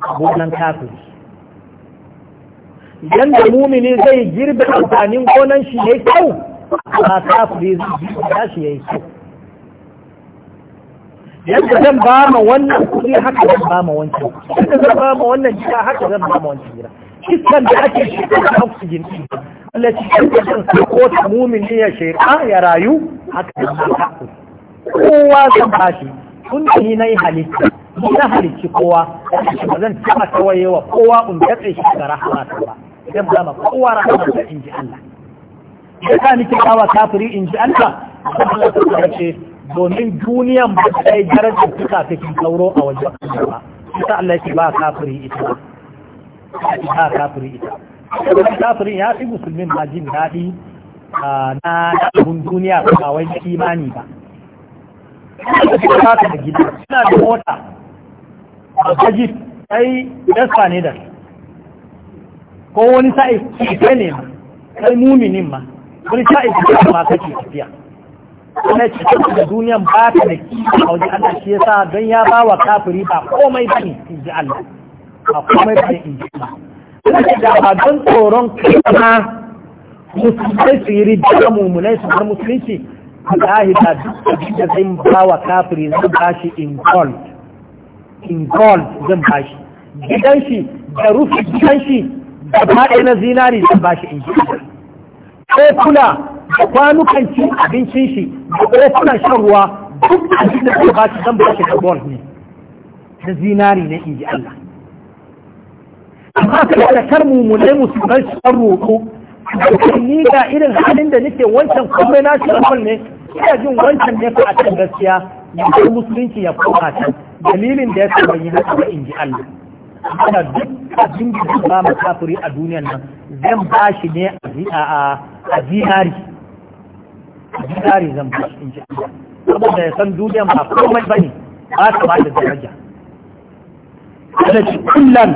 a gonan kafin yadda mumini zai girbe amfanin gonan shi ya yi kyau ba kafin zai girbe shi ya yi kyau yadda zan ba ma wannan kuri haka zan ba ma wancan yadda zan ba ma wannan gida haka zan ba ma wancan gida iskan da ake shi da oxygen din Allah cikin da zan sako ta mumin ne ya ya rayu haka zan ba kowa zan bashi tun da yi na yi halitta na halicci kowa ba zan taba tawaye wa kowa in datse shi da rahama ta ba idan ba ma kowa rahama ta in ji Allah da ka nike kawa kafiri in ji Allah Allah ta ce domin duniyan ba ta yi darajar suka cikin sauro a wajen ba ita Allah ya ce ba kafiri ita ba kafiri ita saboda kafirin ya fi musulmin ma jin daɗi ah, na ɗalibin duniya ba wai imani ba suna da kasa da gida suna da mota a kaji sai dasa ne da ko wani sa'i kai ne ma kai muminin ma wani sa'i kai ma kake tafiya ana cikin da duniyan ba ta da kima a wajen Allah shi yasa don ya ba wa kafiri ba komai ba ne in ji Allah ba komai ba ne in ji Allah ina da ba don tsoron kai ma musulmai su yi rijiyar mummunai su har musulunci lahi da duk da zan ba wa kafiri zan ba shi in gold in gold zan ba shi gidan shi da rufe gidan shi da faɗe na zinari zan ba shi in gold sai kula da kwanukan cin abincin shi da kofunan shan ruwa duk abin da zan ba shi zan ba shi da gold ne na zinari ne in ji Allah amma kada kar mummunai musulmai su ɗan roƙo ni ga irin halin da nake wancan kuma na shi amal ne ina jin wancan ne fa a kan gaskiya ya ko musulunci ya koma ta dalilin da ya saba yi haka ba in ji Allah ana duk abin da ba mu kafiri a duniyar nan zan ba shi ne a zinari a zinari zan ba shi in ji Allah saboda ya san duniyar ba komai ne, ba ta ba da daraja da shi kullum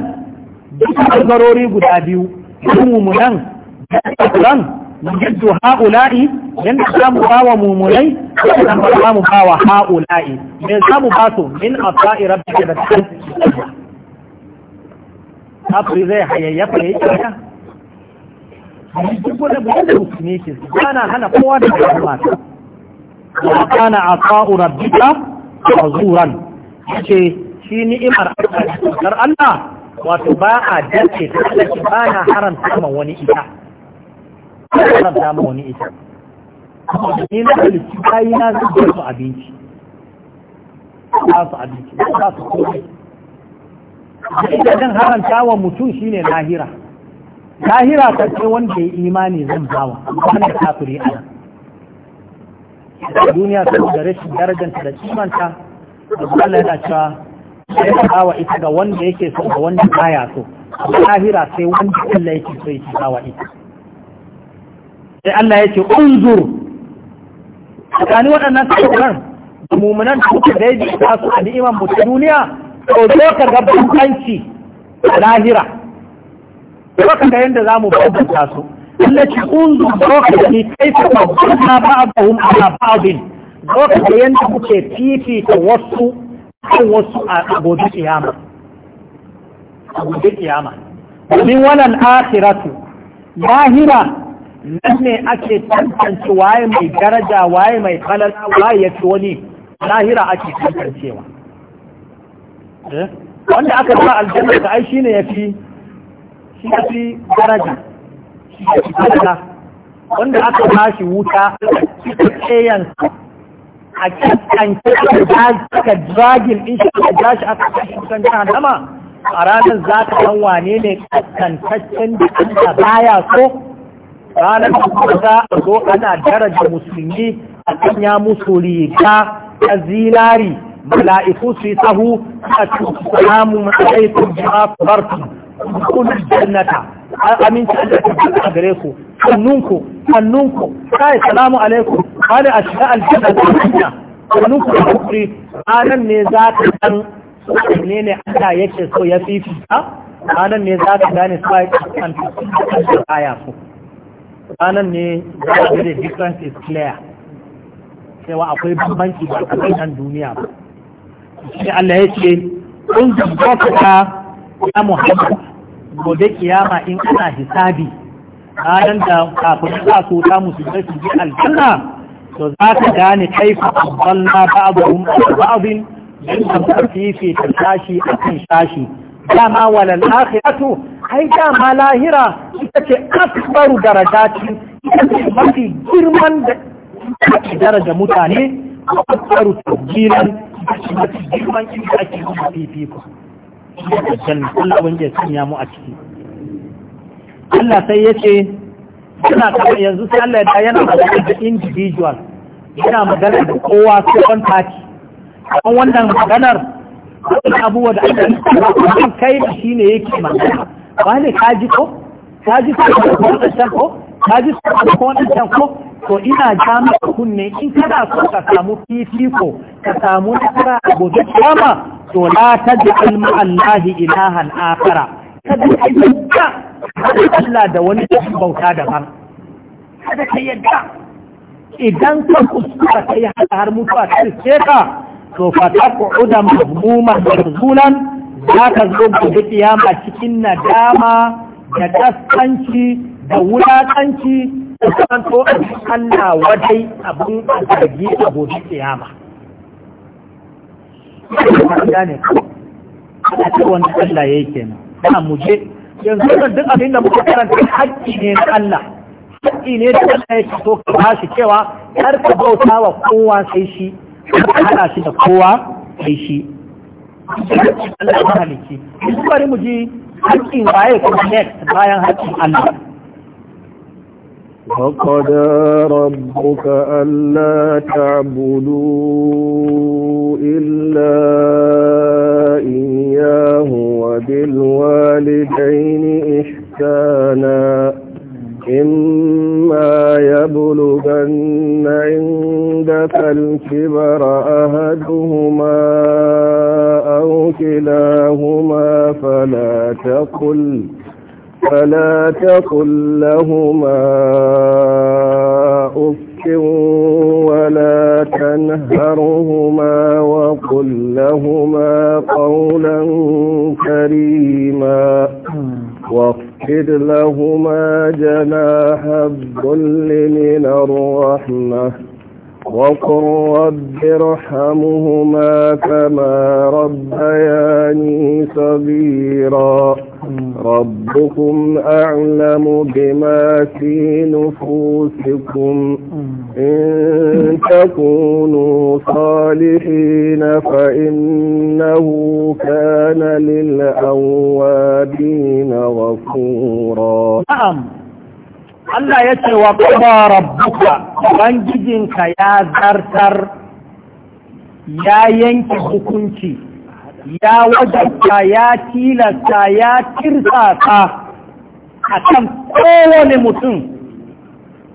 duk ɓangarori guda biyu mu nan ran mujaddu ha'ula'i yadda yanda zamu bawa mumulai dan ba zamu bawa ha'ula'i me zamu ba su min afa'i rabbika da kan kafiri zai hayayyafa yayi kaka duk wanda ba da musulmi ke kana hana kowa da kuma ta wa kana afa'u rabbika mazuran ce shi ni'imar Allah Allah wato ba a dace ta ba na haramta ma wani ita haram ta wani ita na halittu zai su abinci ba su abinci da ita haramta wa mutum shine lahira lahira ta ce wanda ya imani zan bawa wanda kafiri ana duniya ta da rashin darajanta da kimanta da Allah yana cewa sai ka bawa ita ga wanda yake so ga wanda baya so lahira sai wanda Allah yake so yake bawa ita sai Allah ya ce unzur tsakanin waɗannan sakuran da mummunan da kuka daidai ta su a ni'imar mu duniya to zo ka ga bambanci a lahira zo ka ga yadda za mu bambanta su Allah ce unzur zo ka ga ni kai ta a ba ala ba'adin zo ka ga yadda kuke fifita wasu kan wasu a gobe kiyama a kiyama domin wannan akhiratu lahira nan ne ake tantance waye mai daraja waye mai kalar waye ya fi wani lahira ake tantancewa eh? wanda aka sa aljanna ka ai shine ya fi shi ya fi daraja shi ya fi daraja wanda aka ba shi wuta ita tsayan a kankance aka dragin din shi aka jashi aka kashi kusan jahannama a ranar za ka san wane ne kankancen da baya so ranar da za a zo ana daraja musulmi a ya musu riga ta zinari mala'iku su yi sahu a cikin salamun alaikum su barkum kun jannata aminci da ta a gare ku hannunku hannunku kai salamu alaikum kada a shiga aljihar da duniya hannunku da kuri ranar ne za ta dan ne ne Allah yake so ya fifita ranar ne za ta gane sai an ta kaya ranar ne za a gare difference is clear cewa akwai bambanci ba a kan duniya ba sai Allah ya ce kun zubata ka ya Muhammad gobe kiyama in ana hisabi ranar da kafin za su ta da su ji aljanna to za ka gane kaifa abdalla ba'dhum ba'dhin dan ka fi fi tashi akan shashi dama walal akhiratu ai dama lahira ita ce daraja ce ita ce mafi girman da ake daraja mutane a akbaru tabbilan ita ce mafi girman inda ake yi a fifiko aljanna Allah wanda ya sanya mu a ciki Allah sai ya ce suna kama yanzu sai Allah ya yana magana da individual yana magana da kowa su kan taki kan wannan maganar abubuwa da ake yi a kai da shi ne yake magana Wani kaji ko kaji ko kaji ko kaji ko ka ko ko to ina ja maka kunne in kana so ka samu fifiko ka samu nasara a gobe kama to la taj'al ma allahi ilahan akhara kada ka yadda Allah da wani bauta daban kada ka yadda idan ka kuskura ka yi har mutuwa ta ce ka to fa taq'uda mahmuman marzulan za ka zo gobe kiyama cikin nadama da kaskanci da wulakanci da kasanto a Allah wadai abun a zargi a gobe kiyama a ce wani Allah ya yi kenan ba mu je yanzu kan duk abin da muka karanta haƙƙi ne na Allah haƙƙi ne da Allah ya ce ka ba shi cewa kar ka bauta wa kowa sai shi ka haɗa shi da kowa sai shi Allah ya halicci yanzu bari mu ji haƙƙin waye kuma next bayan haƙƙin Allah ربك ألا تعبدوا إلا إياه وبالوالدين إحسانا إما يبلغن عندك الكبر أهدهما أو كلاهما فلا تقل فلا تقل لهما أف ولا تنهرهما وقل لهما قولا كريما واخفض لهما جناح الظل من الرحمه وقل رب ارحمهما كما ربياني صغيرا ربكم أعلم بما في نفوسكم إن تكونوا صالحين فإنه كان للأوابين غفورا نعم. Allah ya ce wa kuma rabbuka ubangijinka ya zartar ya yanke hukunci ya wajarta ya tilasta ya tirsasa a kan kowane mutum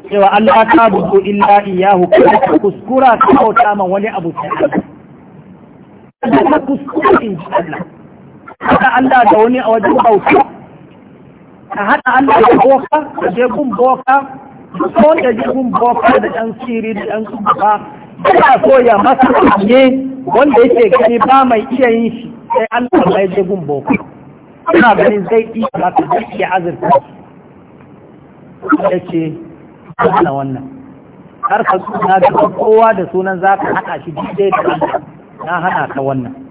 cewa Allah ta buku illa iyahu hukunci ta kuskura ta kauta ma wani abu sai Allah ta kuskura in ji Allah haka Allah da wani a wajen bauta ka haɗa Allah da boka da je gun boka ko da je boka da ɗan siri da ɗan kuma ba so ya masa ne wanda yake gani ba mai iya yin shi sai Allah ya je gun boka ina ganin zai iya maka zai iya azurta yake hana wannan har ka suna da kowa da sunan za ka haɗa shi dai da na hana ta wannan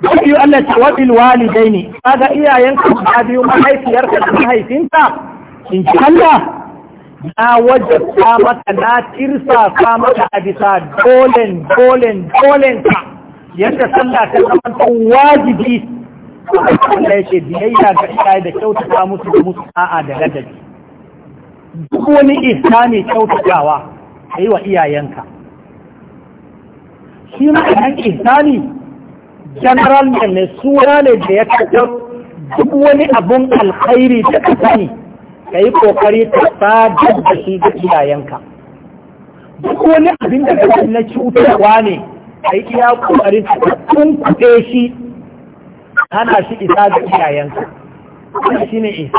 biyu Allah ta wabil ga kaga iyayenka ba biyu mahaifiyarka da mahaifinta. in ji Allah na wajabta mata na tirsa ta mata a bisa dolen dolen dolen ka yadda sallah ta zama wajibi Allah ya ce biyayya ga iyaye da kyautata musu da musu a'a da ladabi duk wani ihsani kyautatawa yi wa iyayenka shi ma ɗan general ne suna ne da ya kasar duk wani abin alkhairi da ka sani ka yi kokari ta sadar da shi da iyayenka duk wani abin da ka na cutarwa ne ka yi iya ta ka kuɗe shi hana shi isa da iyayenka wannan shi ne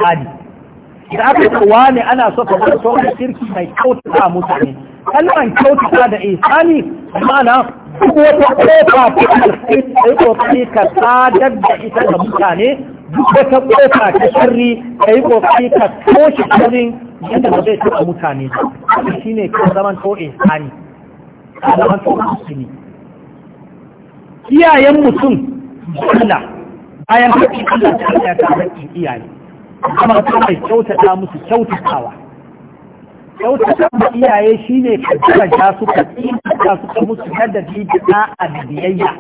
da aka kowa ne ana so ka sauran kirki mai kyautata mutane kalman kyautata da ne ma'ana duk wata kofa ta alkhairi kai kokari ka sadar da ita ga mutane duk wata kofa ta sharri yi kokari ka toshe sharrin yadda ba zai taɓa mutane ba shine kan zaman to ihsani ka zaman to musulmi iyayen mutum Allah bayan haƙƙin Allah ta hanya ta haƙƙin iyaye kuma ta mai kyautata musu kyautatawa kyautata ma iyaye shi ne ka ta su ka tsinta su kan musu kada da da'a da biyayya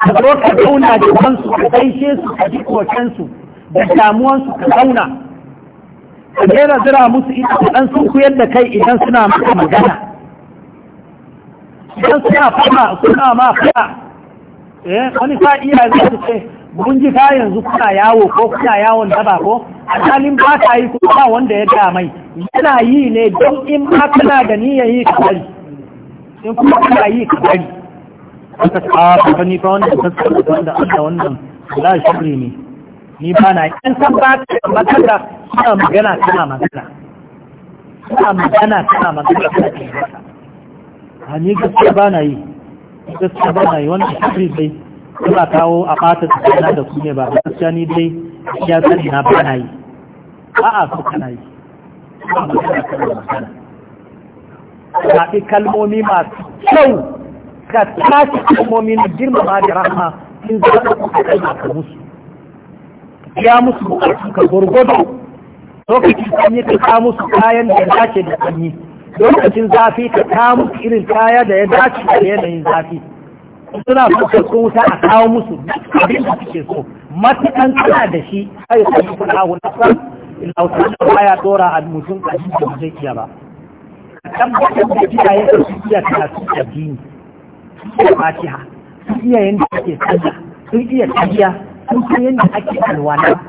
ka zo ka zauna da kansu ka gaishe su ka ji kokensu da damuwansu ka zauna ka gera zira musu ita ka ɗan sun kuyar da kai idan suna maka magana idan suna fama suna ma fama eh wani fa iyaye su ce mun ji ka yanzu kuna yawo ko kuna yawon daba ko alhalin ba ka yi kuma ba wanda ya damai. mai yana yi ne don in ba kana da niyan yi ka bari in kuma kana yi ka bari wata tsawa ka ni fa wanda ta tsara da wanda Allah wannan la shirri ne ni ba na yan san ba ka magana suna magana suna magana suna magana suna magana kana magana a ni gaskiya ba na yi gaskiya ba na yi wannan shirri dai suna kawo a fata tsakana da ku ne ba gaskiya ni dai ya zari na ba na yi a'a ko kana yi zaɓi kalmomi masu kyau ga tashi kalmomi na girmama da rahama sun za da kuka kai ka musu ya musu bukatu ka gurgudu lokacin sanyi ka ka musu kayan da ya dace da sanyi lokacin zafi ka ka musu irin kaya da ya dace da yanayin zafi suna so ka so wuta a kawo musu abin da suke so matukan kana da shi sai ka yi kuna wani In hausa da baya dora a mutum a da ba zai iya ba tabbatar da kiyaye da su iya su da dini da fatiha sun iya yanda ake sallah sun iya tafiya sun san yanda ake alwala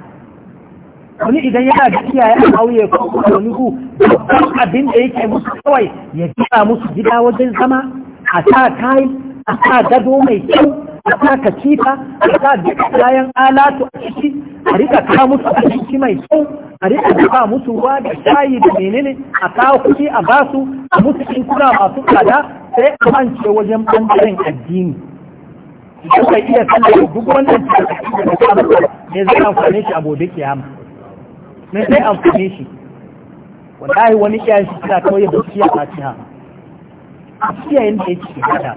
wani idan yana da kiyaye a auye ko wani ku babban abin da yake musu kawai ya gina musu gida wajen zama a sa kai, a sa gado mai kyau a sa katifa a sa duk kayan alatu a ciki a rika ka musu abinci mai kyau a rika ka musu ruwa da shayi da menene a kawo kuɗi a su a musu kuna masu tsada sai a mance wajen ɓangaren addini idan ka iya sanar duk wannan cikin da ka ne zai amfane shi a gobe kiyama ne zai amfane shi wallahi wani iyayen shi suna kawai da kiya a ciha a kiyayen da yake da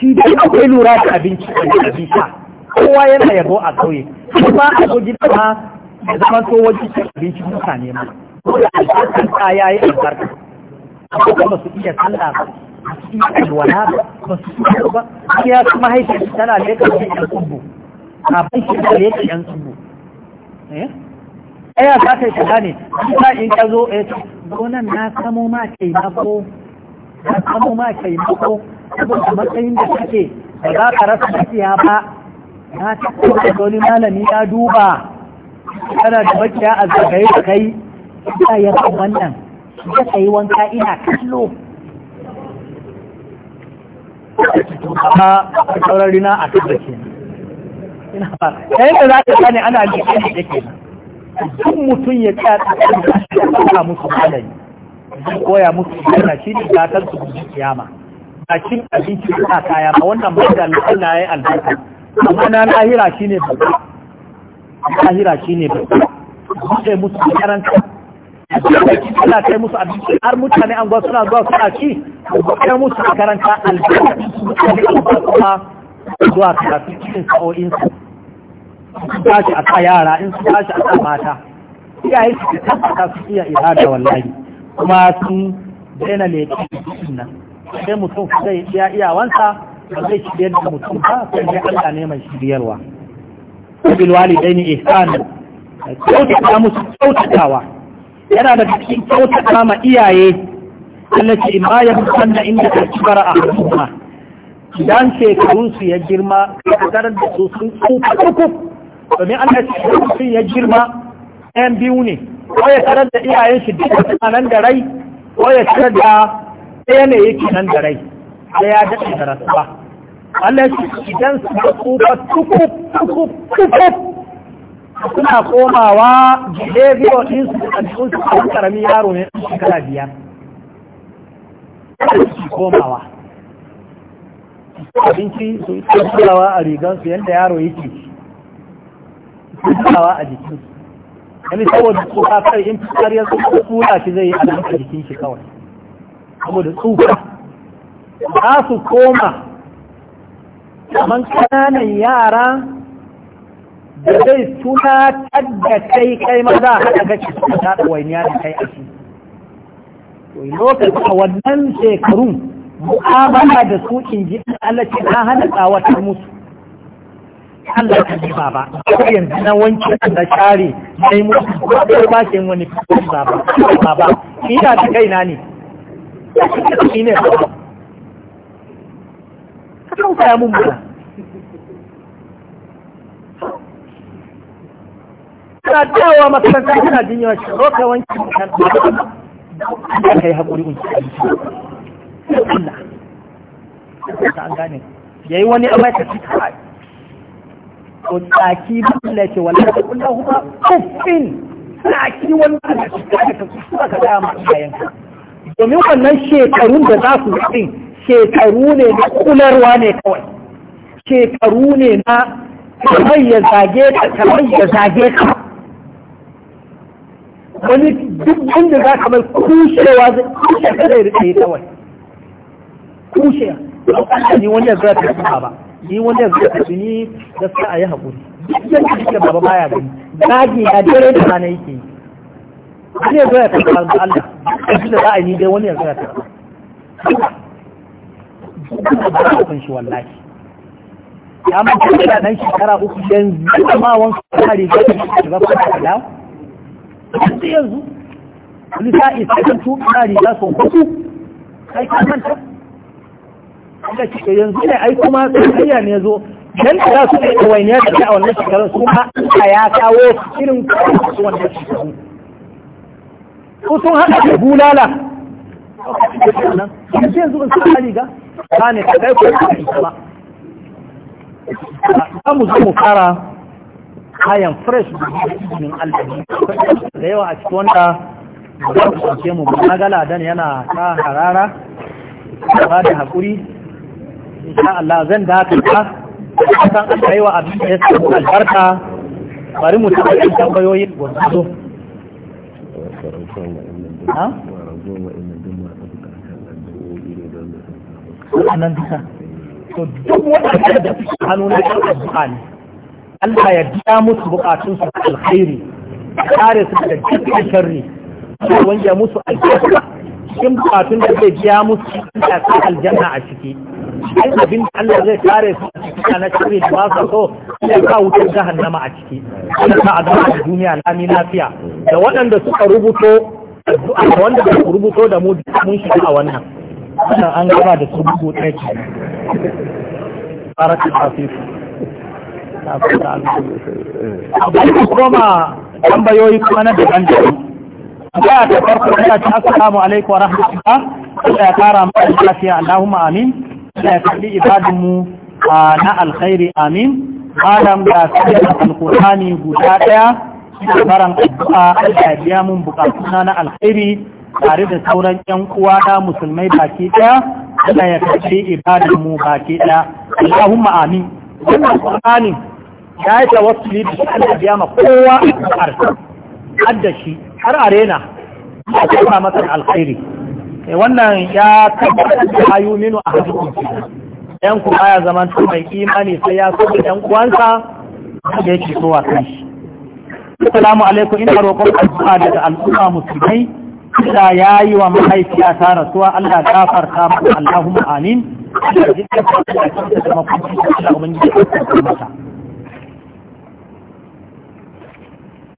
shi da kai lura da abinci da abin sha kowa yana yabo a kauye ba a zo gida ba da zaman to wajen cin abincin mutane ma ko da albarkar ta ya yi albarka ko ba su iya sallah ba su iya alwala ba su iya ba ya su mahaifiyar tana leƙa da yan kumbu a ban shi da leƙa yan kumbu ɗaya eh? za ta shiga ne ta in ka zo eh gonan na samo ma mako na samo ma taimako saboda matsayin da kake ba za ka rasa tafiya ba na taɓa da wani malami ya duba kana da bakiya a zagaye da kai ya yi wannan ya sayi wanka ina kallo a sauran rina a kan da ke nan ta yadda za ka gane ana alƙiƙi da ke na. duk mutum ya tsaya tsakanin da shi ya musu malami zai koya musu yana shi ne gatar su guji kiyama a cin abinci suna kaya ba wannan mai da Allah ya yi albarka amma na lahira shine babba lahira shine babba buɗe musu makaranta suna kai musu abinci har mutane an gwa suna zuwa suna ci buɗe musu karanta albarka mutane an suna zuwa karatu cikin sa'o'in su tashi a sa yara in su tashi a sa mata iyaye su tabbata su iya irada wallahi kuma sun daina leƙi nan sai mutum zai iya iyawansa ba zai shirya da mutum ba sai dai Allah ne mai shiryarwa bil walidaini ihsan kyautata musu kyautatawa yana da cikin kyautata ma iyaye allati imma yahsan da inda a ahaduma idan shekarun su ya girma kadar da su sun tsufa kuku domin Allah ya ce sun ya girma ɗayan biyu ne ko ya tarar da iyayen shi duka suna nan da rai ko ya tarar da ɗaya ne yake nan da rai da ya daɗe da rasuwa Allah shi idan suka tsufa tukuf tukuf tukuf suna komawa behavior din su da ɗin su a karami yaro ne ɗan shekara biyar su komawa abinci su yi tsarawa a rigansu yadda yaro yake tsarawa a jikinsu yanzu saboda tsufa kai in fitar ya tsufa tsula shi zai yi a jikin shi kawai saboda tsufa za su koma kamar kananan yara da zai suna tadda kai kai maza haɗa gaci suna taɗa wainiya da kai aiki to lokacin a wannan shekarun mu'amala da su in ji Allah na hana tsawatar musu Allah ka ji baba ko yanzu na wanke da share sai musu ko ba ke wani baba baba ina da na ne ina da tausaya mun mana kana dawowa makaranta kana jin yawa shi roka wanki kan da yi haƙuri unci abinci ta an gane yi wani abu ya ci kai to tsaki bulla ce wallahi ta kullu huwa kufin tsaki wanda ka ci ka ka ka ga ma ka, domin wannan shekarun da za su yi shekaru ne na kularwa ne kawai shekaru ne na kamar ya zage ka kamar ya zage ka wani duk wanda za ka mai kushewa zai kushe ka zai rike kawai kushe ya ni wani yanzu ta tuna ba ni wani zai ta tuni da sa a yi haƙuri duk yadda kike baba baya gani zagi ya dare da rana yake yi wani yanzu ya tafi Allah duk da za a yi dai wani yanzu ya tafi ba kun shi wallahi ya manta da nan shekara uku yanzu amma wansu kare ga shi ba ka da yanzu yanzu wani sa'i sai kan tu kare ga son kuku kai ka manta da shi yanzu ne ai kuma tsayya ne zo dan da za su yi ɗawainiya da a wannan shekarar su ma ya kawo irin su wannan shekaru ko sun haɗa da bulala yanzu yanzu in suka riga ne kai ko za mu zo mu kayan fresh da izinin alhaji da yawa a cikin wanda za ku ɗauke mu magala dan yana ta harara ba da haƙuri insha Allah zan da haka ta san an kai wa abin da ya samu albarka bari mu taɓa yin tambayoyi gwarzo. waɗannan duka to duk waɗanda da suke hannu na ɗan addu'a ne Allah ya biya musu buƙatun su alkhairi kare su daga dukkan sharri ya wanke musu aljanna cikin bukatun da zai biya musu da sa aljanna a ciki ai abin da Allah zai kare su a cikin na sharri da ba su so ya sa wutar jahannama a ciki Allah ta ga da duniya lami lafiya da waɗanda suka rubuto addu'a da wanda suka rubuto da mu mun shiga a wannan wannan an gaba da su bugu ɗaya ce barakar hafifu na fata alƙulu koma tambayoyi kuma na daban daban ga ta farko ina ta asalamu alaikum wa rahmatullah Allah ya kara mu lafiya Allahumma amin Allah ya kalli ibadun mu na alkhairi amin malam da sirrin alkur'ani guda daya da baran addu'a Allah ya biya mun bukatuna na alkhairi tare da sauran yan uwa na musulmai baki ɗaya, Allah ya karbi ibadar mu baki ɗaya Allahumma amin wannan Qur'ani ya yi tawassuli da Allah ya ma kowa a hadda shi har arena a kuma masa alkhairi eh, wannan ya tabbatar da ayuminu a hadisin yan kuma ya zama mai imani sai ya so da yan uwansa da yake so a kai shi assalamu alaikum ina roƙon addu'a daga al'umma musulmai Allah ya yi wa mahaifiya ta rasuwa Allah gafarta mata Allahumma amin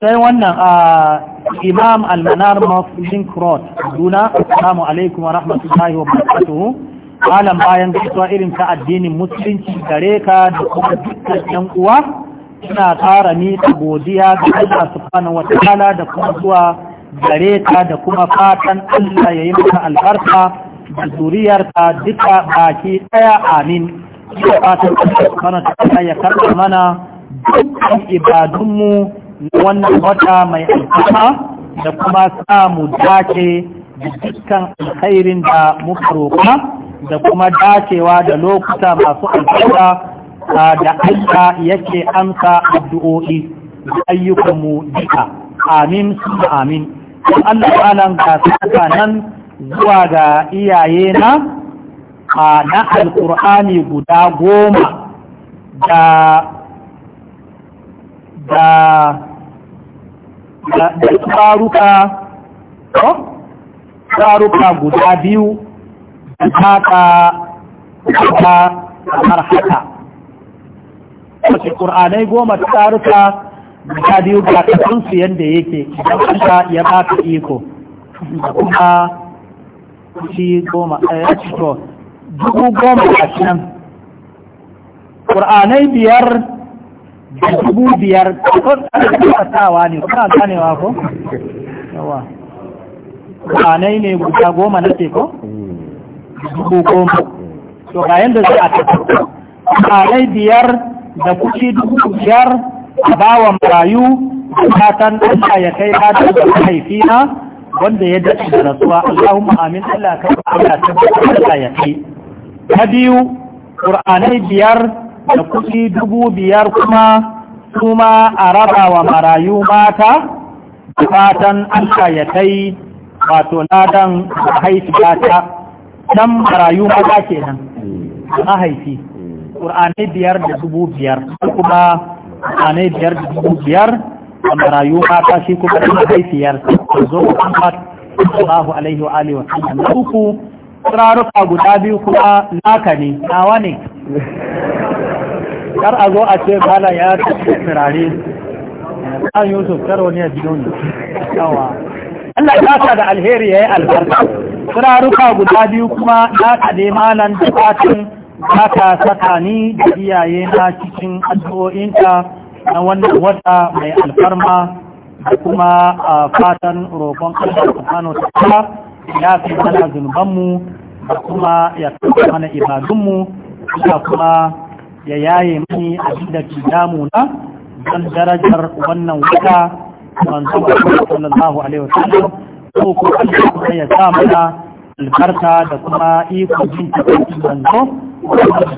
sai wannan a imam almanar mafilin krot duna assalamu alaikum wa rahmatullahi wa barakatuhu alam bayan gaisuwa irin ta addinin musulunci gare ka da kuma dukkan yan uwa suna ƙara ni godiya ga Allah subhanahu wa ta'ala da kuma zuwa gare ka da kuma fatan Allah ya yi maka albarka da zuriyarka duka baki ɗaya amin ya fatan mana ta ya karɓa mana dukkan ibadunmu na wannan wata mai alfaha da kuma samu dace da dukkan alkhairin da muka roƙa da kuma dacewa da lokuta masu alfaha da Allah yake amsa addu'o'i da ayyukanmu duka amin su amin Allah alam ka saka nan zuwa ga iyaye na a na alkur'ani guda goma da da da tsaruka tsaruka guda biyu da taka da har haka wace ƙur'anai goma tsaruka ta biyu ga kasansu yadda yake idan Allah ya ka iko da kuma shi goma eh, a to dubu goma a nan ƙur'anai biyar da dubu biyar da kasawa ne kuna ganewa ko? yawa ƙur'anai ne guda goma na ko? dubu goma to ga yadda za a tafi ƙur'anai biyar da kuci dubu biyar a marayu rayu matan Allah ya kai ladan da mahaifina wanda ya dace da rasuwa Allahumma amin Allah ka Allah ta Allah ya kai ta biyu Qur'anai biyar da kuɗi dubu biyar kuma kuma a raba wa marayu mata fatan Allah ya kai wato ladan mahaifiyata dan marayu maza kenan mahaifi Qur'anai biyar da dubu biyar kuma mutane biyar da dubu biyar a marayu mata shi kuma ɗin haifiyar da zo wa kamfat sallahu alaihi wa alihi wa sallam na uku turaruka guda biyu kuma naka ne nawa ne kar a zo a ce bala ya tafi turare san yusuf karo ne biyu ne yawa Allah ya sa da alheri ya yi albarka turaruka guda biyu kuma naka ne malan da fatin za ka saka ni da iyaye na cikin addu'o'inka na wannan wata mai alfarma da kuma fatan roƙon Allah ta ta'ala ya fi mana zunubanmu da kuma ya tafi mana ibadunmu da kuma ya yaye mani abin da ke damuna don darajar wannan wata manzo sallallahu alaihi wasallam ko ko Allah ya sa mana albarka da kuma iko jin tafi manzo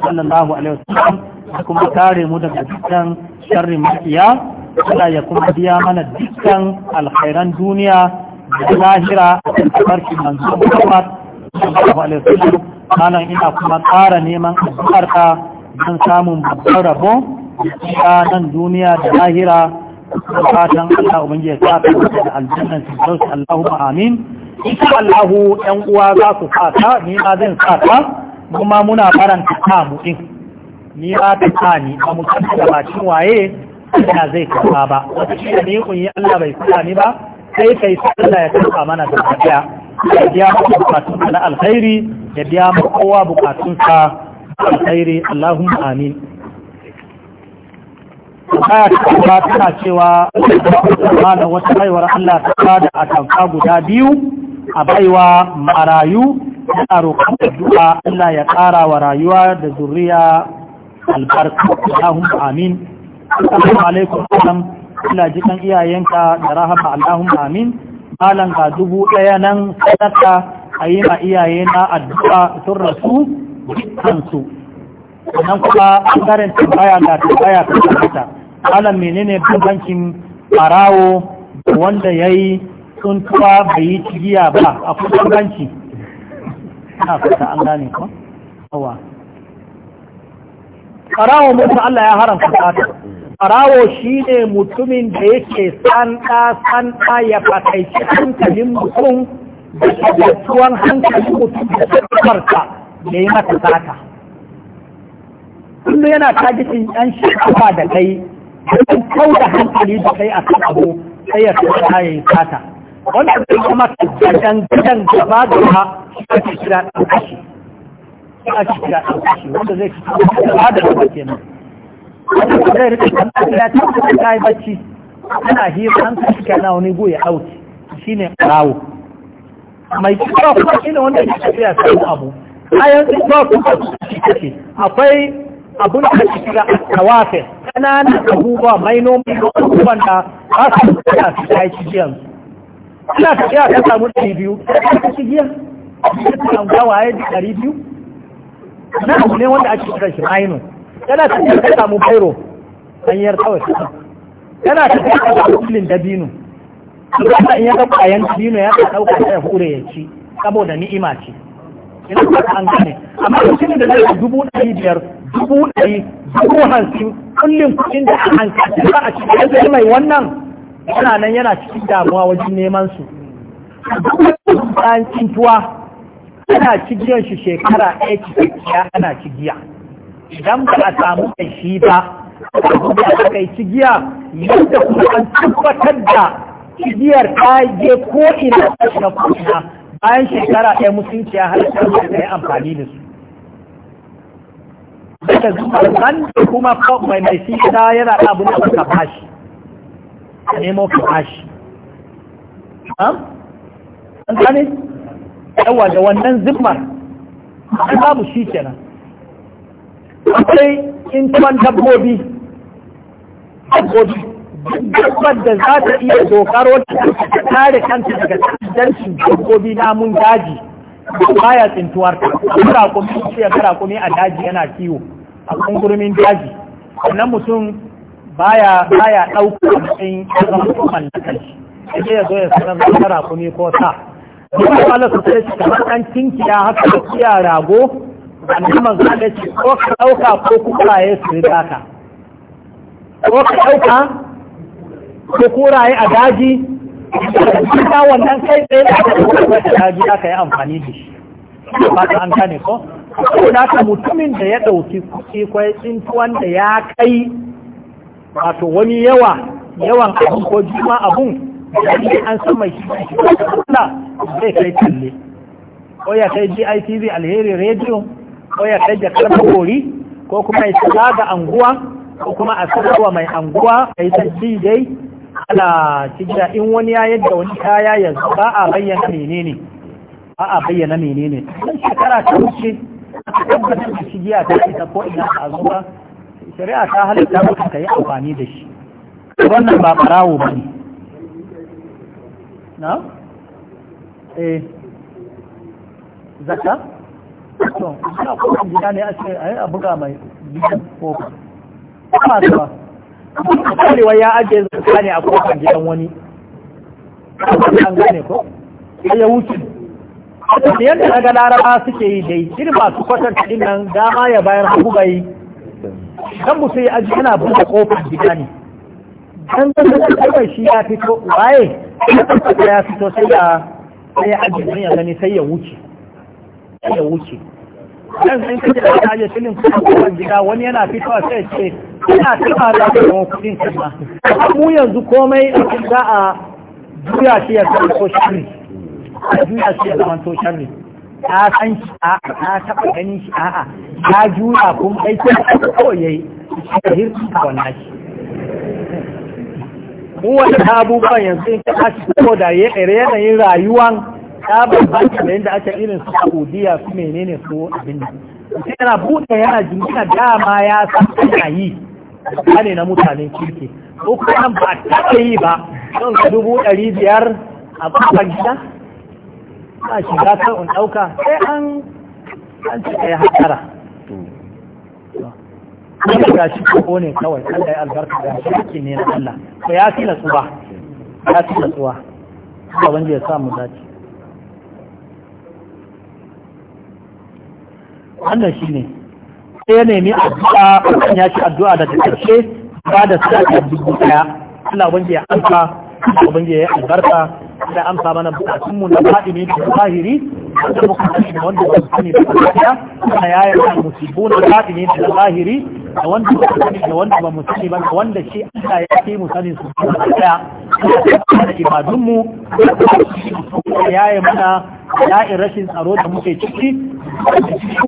sallallahu alaihi wasallam da kuma kare mu daga dukkan sharrin mafiya Allah ya kuma biya mana dukkan alkhairan duniya da lahira a tabarki manzo Muhammad sallallahu alaihi wasallam kana ina kuma ƙara neman addu'arka don samun babban rabo da nan duniya da lahira fatan Allah ubangiji ya sa da aljanna firdaus Allahumma amin insha Allah yan uwa za su fata ni ma zan fata kuma muna faranta ta din ni ba ta sani ba mu kanta da cin waye Ina zai kafa ba wata shi ni kun yi Allah bai sani ba sai kai Allah ya karba mana da daya ya biya mu bukatun na alkhairi ya biya mu kowa bukatun sa alkhairi Allahumma amin kaya ta ba tana cewa Allah wata baiwar Allah ta a atamfa guda biyu a baiwa marayu a roƙon du'a. Allah ya ƙara wa rayuwa da zuriya albarka amin alaikum Allah iyayenka da rahama Allahumma amin malan ga dubu daya nan sadaka ayi ma na addu'a sun rasu dukkan su nan kuma bangaren tambaya da tambaya ta tsarata malam menene bambancin barawo wanda yayi tuwa bai yi cigiya ba a kusurbanci ana fata an gane ko? Awa. ƙarawo mutu Allah ya haramta sata ƙarawo shi ne mutumin da yake santa santa ya fataici hankalin mutum da tabbatuwan hankalin mutum da tabbarta da yi mata sata Kullu yana tagitin yan shakawa da kai da kau da hankali da kai a kan abu sai ya sata ya yi sata wanda zai kuma gidan gidan gaba gaba shi kira ɗan kashi sai a cikin da wanda zai cikin rike ta yi bacci ana hira an ka shiga wani goya auki shine rawo mai kira kuma shine wanda ya tafiya sai abu ayan ba kuma shi akwai abun da ke kira kawafe kananan abubuwa mai nomi da abubuwan da ba su da su ta yi cigiyan ina tafiya ta samu ɗari biyu ta yi cigiyan a cikin gawaye da ɗari biyu na abu ne wanda ake kira shi ainu yana tafiya ka samu bairo hanyar kawai yana tafiya ka samu kulin dabino kuma in ya ga kwayan binu ya ka dauka ta hure ya ci saboda ni'ima ce ina ba an gane amma mutumin da zai dubu ɗari biyar dubu ɗari dubu hamsin kullum kuɗin da an hankali, za a ci da mai wannan yana nan yana cikin damuwa wajen neman su. Duk wani tuwa ana cigiyar shi shekara ɗaya cikakkiya ana cigiya idan ba a samu kai shi ba a kai cigiya yadda kuma an tabbatar da cigiyar ta je ko ina na kuma bayan shekara ɗaya musulunci ya halittar da ta yi amfani da su daga zuwan kuma mai mai shi ta yana abin da ka bashi a nemo ka bashi an gane yawa da wannan zimmar an babu shi kenan akwai in kwan dabbobi dabbobi dabbar da za ta iya dokaro ta kare kanta daga dansin dabbobi namun daji baya tsintuwar ta karakumi ya karakumi a daji yana kiwo a kungurumin daji wannan mutum baya baya ɗauka matsayin zama da shi sai ya zo ya sanar da karakumi ko sa duk Allah su tare shi kamar an tinkiya haka da kiya rago annaman zaka ce ko ka dauka ko kuraye su riga ka ko ka dauka ko kuraye a daji ka wannan kai tsaye da kuma da daji aka yi amfani da shi ba ta an kane ko ko da ka mutumin da ya dauki kuɗi kwai tsintuwan da ya kai wato wani yawa yawan abun ko juma abun da an san mai shi zai kai talle ko ya kai gitv alheri radio ko ya kai jakar makori ko kuma ya shiga ga anguwa ko kuma a sanarwa mai anguwa a yi sarki dai ala cikin in wani ya yadda wani kaya yanzu ba a bayyana menene ba a bayyana menene don shekara ta wuce aka tabbatar da cigiya ta ita ko ina a zuwa shari'a ta halitta mutum ka yi amfani da shi wannan ba barawo ba ne na? eh zaka? to ina kofin gida ne ake ce a yi buga mai gidan kofin kuma. ta ba karewa ya ajiye zaka ne a kofin gidan wani an gane ko Sai ya wuce da yadda na ga laraba suke yi dai irin masu kwatanta din nan dama ya bayar hagu yi. dan mu ya aji yana buɗe kofar gida ne dan zan da shi ya fito waye ya fito sai ya sai ya ajiye ya gani sai ya wuce sai ya wuce dan sai kaje da ajiye shilin kuɗin gida wani yana fitowa sai ya ce ina tuba da kuɗin kuma mu yanzu komai za a juya shi ya zama to sharri a juya shi ya zama to sharri ta san shi a ta taɓa ganin shi a'a ya juya kuma aiki kawai yayi shi ya hirkin kawai nashi mu wani abubuwan yanzu in ka ake ko da ya yanayin rayuwan ta bambanta da yadda ake irin su saudiya su menene su abin da mutum yana buɗe yana jingina dama ya san ana yi ne na mutanen kirki ko kuma ba taɓa yi ba don ka dubu ɗari biyar a kofar gida ba shiga kan in ɗauka sai an an ce ka hasara wani ga shi ko ne kawai Allah ya albarka da shi ne na Allah to ya fi natsuwa ya fi natsuwa ba wanda ya samu dace wannan shi ne sai ya nemi addu'a ya shi addu'a da karshe ba da sadaka dubu daya Allah wanda ya amsa Allah wanda ya albarka da amsa mana bukatunmu na faɗi ne da zahiri wanda muka sani da wanda ba su sani da gaskiya kuma ya yi da musibu na zaɓi ne da zahiri da wanda ba su sani da wanda ba mu sani ba da wanda shi Allah ya ce mu sani su da daya da ibadunmu ya yi mana ya'in rashin tsaro da muke ciki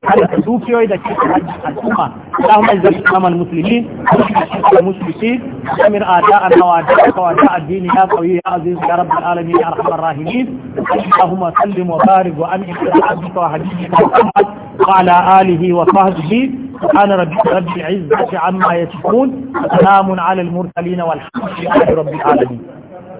da dukiyoyi da cikin al'umma اللهم اعز الاسلام المسلمين واشف المشركين وامر اعداءنا واعداءك واعداء الدين يا قوي يا عزيز يا رب العالمين يا ارحم الراحمين اللهم سلم وبارك وامن وعلى آله وصحبه سبحان ربي رب العزة عما يصفون سلام على المرسلين والحمد لله رب العالمين